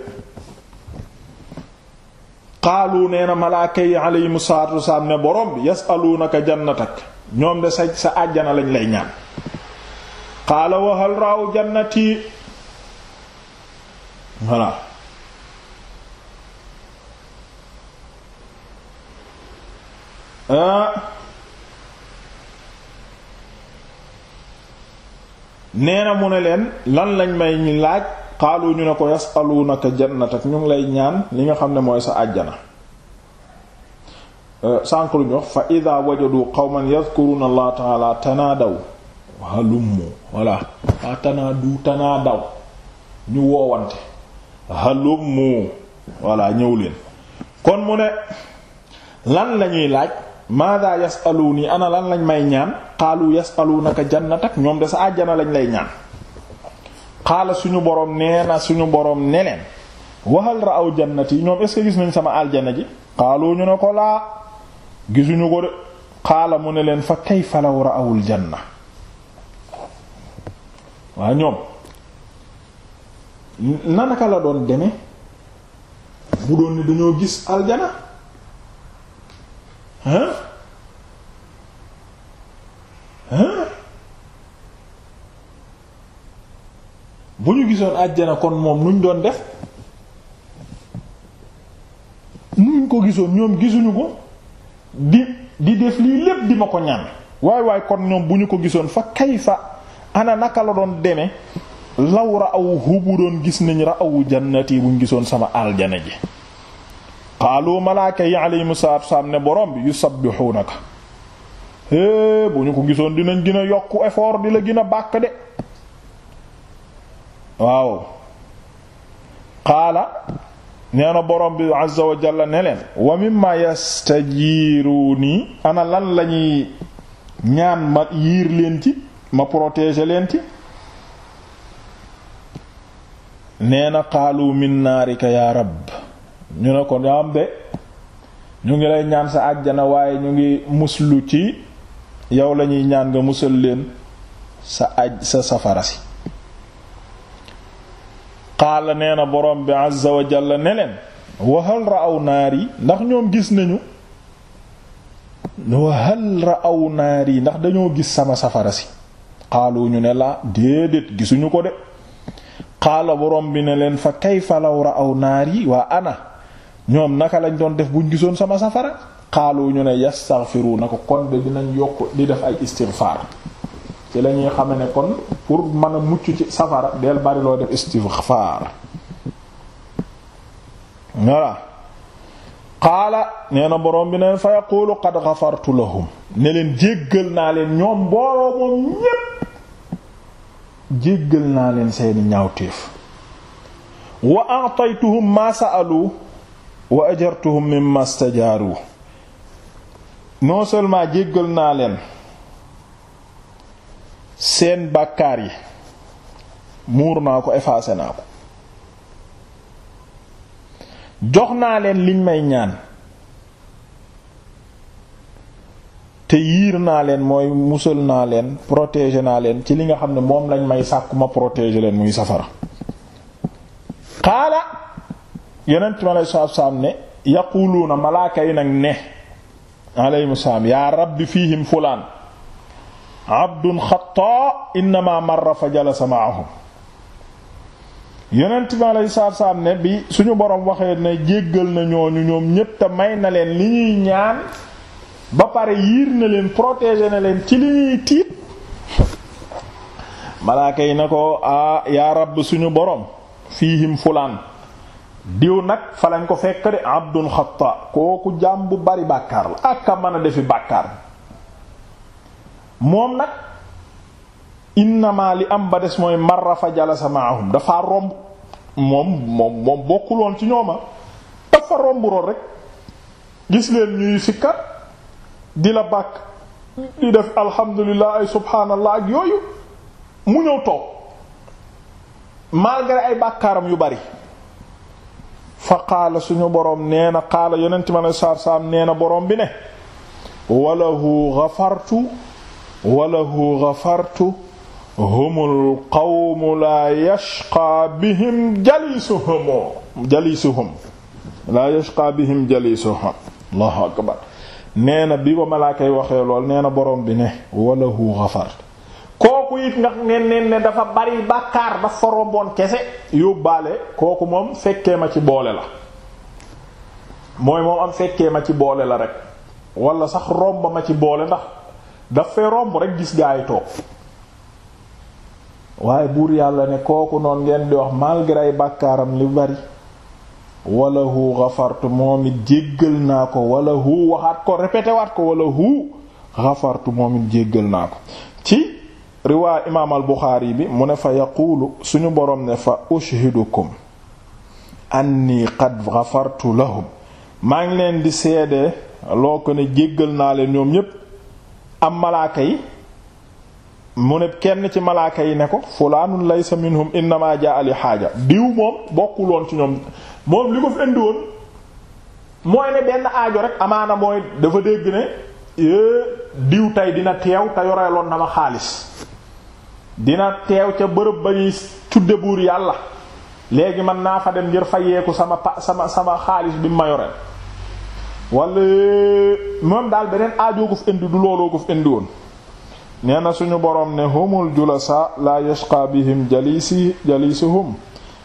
qaalu nee na malaaka yi aleyhim salaatu wasalaam ne borom bi yasaluunaka jannatak ñoom de sa sa lañ lay ñaan qaala wa hal jannati voilà ah nee mu ne leen lan lañ may ñu laaj xaalu ñu ne ko yasalunaka jannatak ñu ngi lay ñaan li nga xam ne mooy sa àjjana euh, sànq lu ñu wax fa ida wajadu qawman yadhkuruna allah taala tanaadaw halummu walla waa tanaadu tanaadaw ñu woowante halummu walla ñëw leen kon mu ne lan lañuy laaj maada yasaluuni ana lan lañ may ñaan qaalu yasaluunaka jannatak ñoom de sa àjjana lañ lay ñaan qaala suñu boroom nee na suñu boroom ne leen waxal ra aw jannat yi ñoom est ce gis nañ sama aljana ji qaalu ñu ne ko laa gisuñu ko de qaala mu ne leen fa kayfa law ra awul janna waa ñoom nanaka la doon deme bu doon ni dañoo gis aljana hein hein bu ñu gisoon àjjana kon moom nuñ doon def nuñ ko gisoon ñoom gisuñu ko di di def lii lépp di ma ko ñaan waay waay kon ñoom bu ñu ko gisoon fa kayfa ana naka la doon deme law ra aw hu bu doon gis nañ ra awu jannati buñ gisoon sama aljana ji xaalu malaaka yi alayhimu salaatu salaam ne borom bi yusabbihuunaka é bu ñu ko gisoon dinañ gën a yokk effort di la gën a bàkk de waaw qaala nee na borom bi azza wa jalla ne leen wa mimma yastajiiruni ana lan lañuy ñaan ma yiir leen ci ma protéger leen ci nee na qaalu min ñu ne ko ñoom de ñu ngi lay ñaan sa àjjana waaye ñu ngi muslu ci yow lañuy ñaan nga musal leen sa aj sa safara si xaala nee na borom bi azza wa jalla ne leen wahal ra'aw naar yi ndax ñoom gis nañu wahal ra'aw naar yi ndax dañoo gis sama safara si xaalu ñu ne laa déedéet gisuñu ko de qaala borom bi ne leen fa kayfa law ra'aw naar yi waa ana ñoom naka lañ doon def buñ gisoon sama safara xaalu ñu ne yastaghfiru na ko kon de dinañ yokk li def ay istighfar ci la ñuy xame ne kon pour mën a mucc ci safara del bariloo loo def istighfar voilà qaala nee na boroom bi neen fa yaqulu qad ghafartu ne leen jéggal naa leen ñoom mbooloo moom ñépp jéggal naa leen seeni ñaawteef wa a'taytuhum ma sa'alu wa ajartuhum mimma stajaaru non seulement jéggal naa leen seen bàkkaar yi muur naa ko effacé naa ko jox naa leen liñ may ñaan te yiir naa leen mooy musal naa leen protéger naa leen ci li nga xam ne moom lañ may sàkku ma protéger leen muy safara xaala yonent mi aleyhi salaatu salaam ne malaaka yi nag ne aleyhim salaam yaa rabbi fiihim fulaan abdun xataa innama marra fa jalasa maahum yonent mi aleyhi salaatu ne bi suñu borom waxee na jéggal na ñooñu ñoom ñépp may na leen li ñuy ñaan ba pare yiir na leen protéger na leen ci li ñuy tiit malaaka yi na ko aa ah, yaa rabb suñu boroom fiihim fulaan diw nag falañ lañ ko fekk de abdul xatta kooku jaam bu bari bàkkaar la ak a mën a defi bàkkaar moom nag innama li am ba des mooy marra jalasa maahum dafa romb moom moom moom bokkuloon ci ñooma dafa romb roon rek gis leen ñuy sikkar di la bàkk di def alhamdulilah ay subhaanallah ak yooyu mu ñëw toog malgré ay bàkkaaram yu bari fa qaala suñu boroom nee na qaala yonent ma ne saar-saam nee na boroom bi ne walahu gafartu walahu gafartu humul qawmu laa yashqaa bihim jalisuhum jalisuhum laa yashqaa bihim jalisuhum allahu akbar nee na bi ba malaakay waxee lool nee na boroom bi ne walahu gafartu nit nga ne ne dafa bari bàkkaar dafa romboon kese yóbbaale kooku moom fekkee ma ci boole la mooy moom am fekkee ma ci boole la rek wala sax romb ma ci boole ndax daf fee romb rek gis gaa waaye buur yàlla ne kooku noon ngeen di wax malgré ay bàkkaaram li bari wala hu xafartu moom it jéggal naa ko walla hu waxaat ko répété ko wala hu xafartu moom it jéggal naa ko ci riwaay imaam al buxaari bi mu ne fa yaquulu suñu boroom ne fa ushhidukum anni qad ghafartu lahum maa ngi leen di seede loo ko ne jéggal naa leen ñoom ñépp am malaaka yi mu ne kenn ci malaaka yi ne ko fulaanun laysa minhum innama jaa li xaaja diw moom bokkuloon ci ñoom moom li ko fi indiwoon mooy ne benn aajo rek amaana mooy dafa dégg ne eh, diw tey dina teew te yoreeloon na ma xaalis dina teew ca bërëb ba ñuy tudde buur yàlla léegi man naa fa dem ngir yeeku sama pa sama sama xaalis bi ma yoreel wala moom daal beneen aajoo ko fi indi du looloo ko fi indi woon nee na suñu boroom ne humul julasa la yashqa bihim jalisi jalisuhum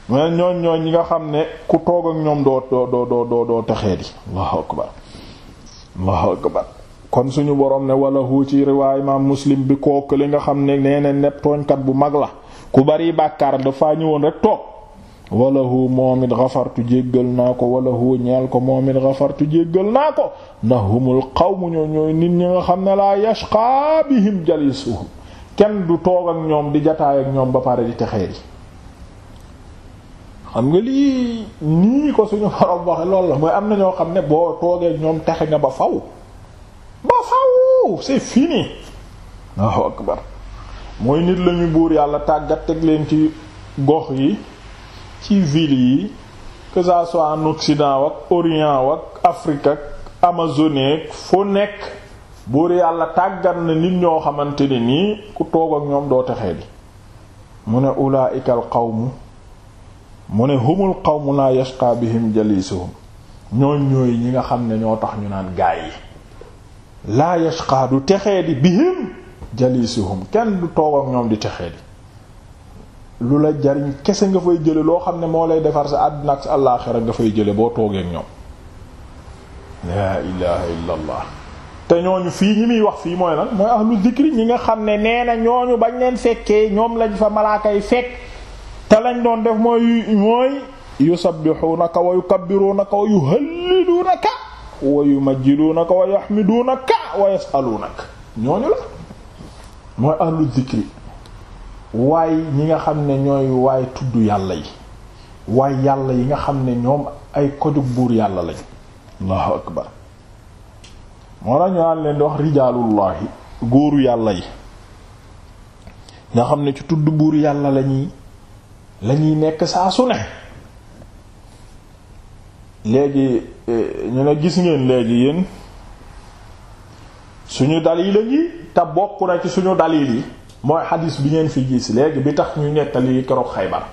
men ñooñ ñooñ ñi nga xam ne ku toog ak ñoom doo doo doo doo doo texee di allahu akbar allahu kon suñu boroom ne wala hu ci riwaay imaam muslim bi kooku li nga xam ne nee na tooñkat bu mag la ku bari bàkkaar dafaa ñëwoon rek toog wala hu moom it xafartu jéggal naa ko wala hu ñeel ko moom it xafartu jéggal naa ko ndax humul xaw ñoo ñooy nit ñi nga xam ne laa yashqa bihim jalisuhu kenn du toog ak ñoom di jataay ak ñoom ba pare di texee yi xam nga lii nii ko suñu borom waxe loolu la mooy am na ñoo xam ne boo toogee ñoom texe nga ba faw ba faw c'est fini waaw akbar mooy nit lañu buur yàlla tàggat teg leen ci gox yi ci ville yi que ça soit en Occident wak Orient wak Afrique ak Amazonie ak foo nekk buur yàlla tàggat na nit ñoo xamante ne nii ku toog ak ñoom doo texee bi mu ne ulaa'ika al qawmu mu ne humul qawmu la yashqa bihim jalisuhum ñooñ ñooy ñi nga xam ne ñoo tax ñu naan gaay yi laa yashqa du texee di bihim jaliisuhum kenn du toog ak ñoom di texee di lu la jariñ kese nga fay jële loo xam ne moo lay defar sa àddina ak sa àllaaxira nga fay jële boo toogee ak ñoom laa ilaha illa allah te ñooñu fii ñi muy wax fii mooy lan mooy ahlu zikri ñi nga xam ne nee na ñooñu bañ leen fekkee ñoom lañ fa malaaka yi fekk te lañ doon def mooy mooy yusabbihuunaka wa yukabbiruunaka wa yuhallilunaka wa yumajjiluunaka wa yaxmiduunaka wa yasaluunaka ñooñu la mooy ahlu zikri waaye ñi nga xam ne ñooy waaye tudd yàlla yi waaye yàlla yi nga xam ne ñoom ay kojug buur yàlla lañ allahu akbar moo la ñu naan leen di wax rijaalullahi góoru yàlla yi nga xam ne ci tudd buur yàlla lañuy lañuy nekk saa su ne léegi eh, ñu ne gis ngeen léegi yéen suñu dalil yi te bokk na ci suñu dalil yi mooy xadis bi ngeen fi gis léegi bi tax ñu nettali keroog Xaybar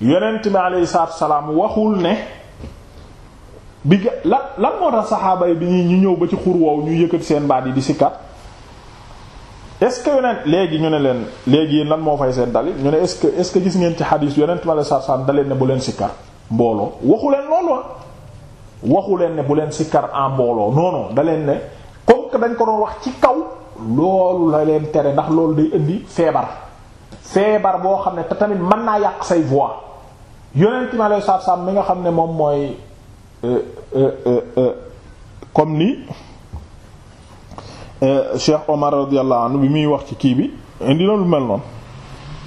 yonent bi aleyhi salaatu salaam waxul ne bi ga lan lan moo tax saxaaba yi bi ñu ñëw ba ci xur woowu ñu yëkkati seen baat yi di sikkat est yonent léegi ñu ne leen léegi yéen lan moo fay seen dalil ñu ne est-ce gis ngeen ci xadis yonent bi aleyhi salaam daleen ne bu leen sikkat mbooloo waxu leen loolu ah. waxu leen ne bu leen sikkar en mbooloo noonu non da ne comme que dañ ko doon wax ci kaw loolu la leen tere ndax loolu day indi feebar feebar boo xam ne te tamit mën naa yàq say voix yonent mi alei satu salaam mi nga xam ne moom mooy euh, euh, euh, comme ni Cheikh Omar radiyallahu anhu bi muy wax ci kii bi indi na lu mel noonu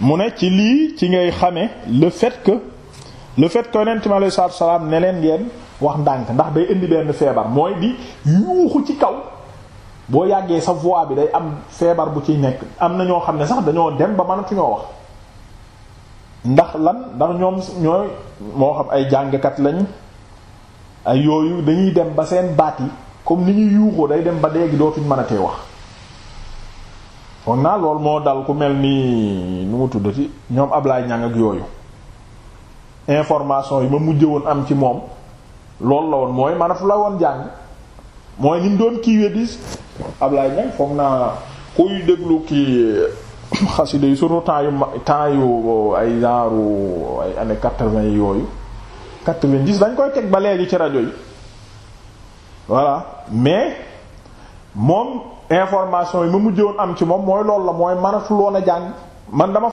mu ne ci lii ci ngay xame le que le fait que yonent mi alayhi salaatu salaam ne leen ngeen wax ndànk ndax day indi benn feebar mooy di yuuxu ci kaw boo yàggee sa voix bi day am feebar bu ci nekk am na ñoo xam ne sax dañoo dem ba mënatuñoo wax ndax lan ndax ñoom ñooy moo xam ay jàngkat lañ ay yooyu dañuy dem ba seen baat yi comme ni ñuy yuuxoo day dem ba léegi dootuñ mën a tee wax foog naa loolu moo dal ku mel ni nu mu tuddati ñoom Ablaye Niang ak yooyu information yi ma mujj woon am ci moom loolu la woon mooy manaf la woon jàng mooy ni doon kiiwee di Ablaye Niang foog naa kuy déglu kii <coughs> xasida yi surtout temps yu ma temps yu ay genre ay années quatre-vingt yooyu quatre-vingt-dix dañ koy teg balee léegi ci rajo yi voilà mais moom information yi ma mujj woon am ci moom mooy loolu la mooy manaf a jàng man dama